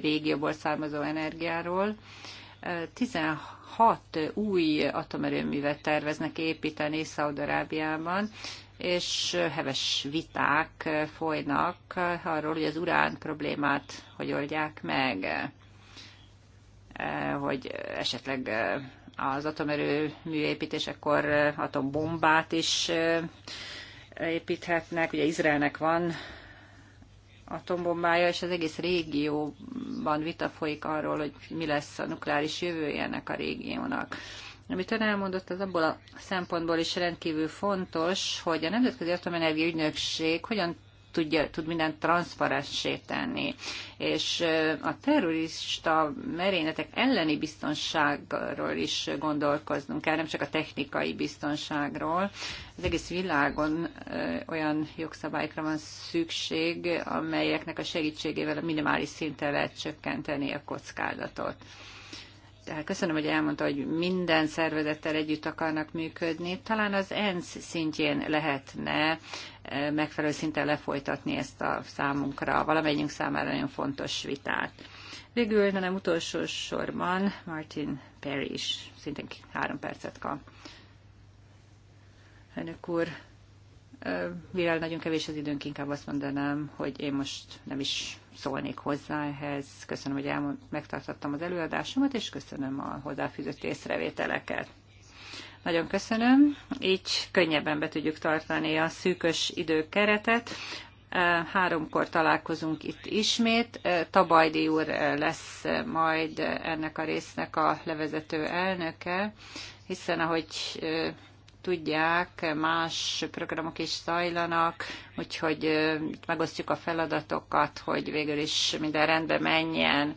régióból származó energiáról. 16 új atomerőművet terveznek építeni Szaudarábiában, és heves viták folynak arról, hogy az urán problémát hogy oldják meg, hogy esetleg az atomerőmű építésekor atombombát is építhetnek. Ugye Izraelnek van atombombája, és az egész régióban vita folyik arról, hogy mi lesz a nukleáris jövője ennek a régiónak. Amit ön elmondott, az abból a szempontból is rendkívül fontos, hogy a Nemzetközi Atomenergia Ügynökség hogyan tudja, tud mindent transzparenssé tenni. És a terrorista merényletek elleni biztonságról is gondolkoznunk kell, nem csak a technikai biztonságról, az egész világon olyan jogszabályokra van szükség, amelyeknek a segítségével a minimális szinten lehet csökkenteni a kockázatot. Tehát köszönöm, hogy elmondta, hogy minden szervezettel együtt akarnak működni. Talán az ENSZ szintjén lehetne megfelelő szinten lefolytatni ezt a számunkra, valamelyikünk számára nagyon fontos vitát. Végül, de nem utolsó sorban, Martin Perry is szintén három percet kap. Elnök úr, mivel nagyon kevés az időnk, inkább azt mondanám, hogy én most nem is szólnék hozzá ehhez. Köszönöm, hogy elmond, megtartottam az előadásomat, és köszönöm a hozzáfűzött észrevételeket. Nagyon köszönöm. Így könnyebben be tudjuk tartani a szűkös időkeretet. Háromkor találkozunk itt ismét. Tabajdi úr lesz majd ennek a résznek a levezető elnöke, hiszen ahogy tudják, más programok is zajlanak, úgyhogy megosztjuk a feladatokat, hogy végül is minden rendbe menjen.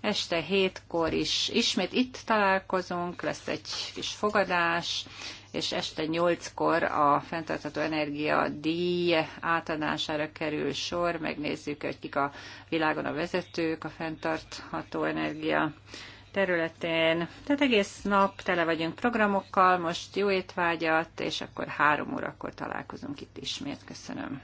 Este hétkor is ismét itt találkozunk, lesz egy kis fogadás, és este nyolckor a fenntartható energia díj átadására kerül sor, megnézzük, hogy kik a világon a vezetők a fenntartható energia területén. Tehát egész nap tele vagyunk programokkal, most jó étvágyat, és akkor három órakor találkozunk itt ismét. Köszönöm.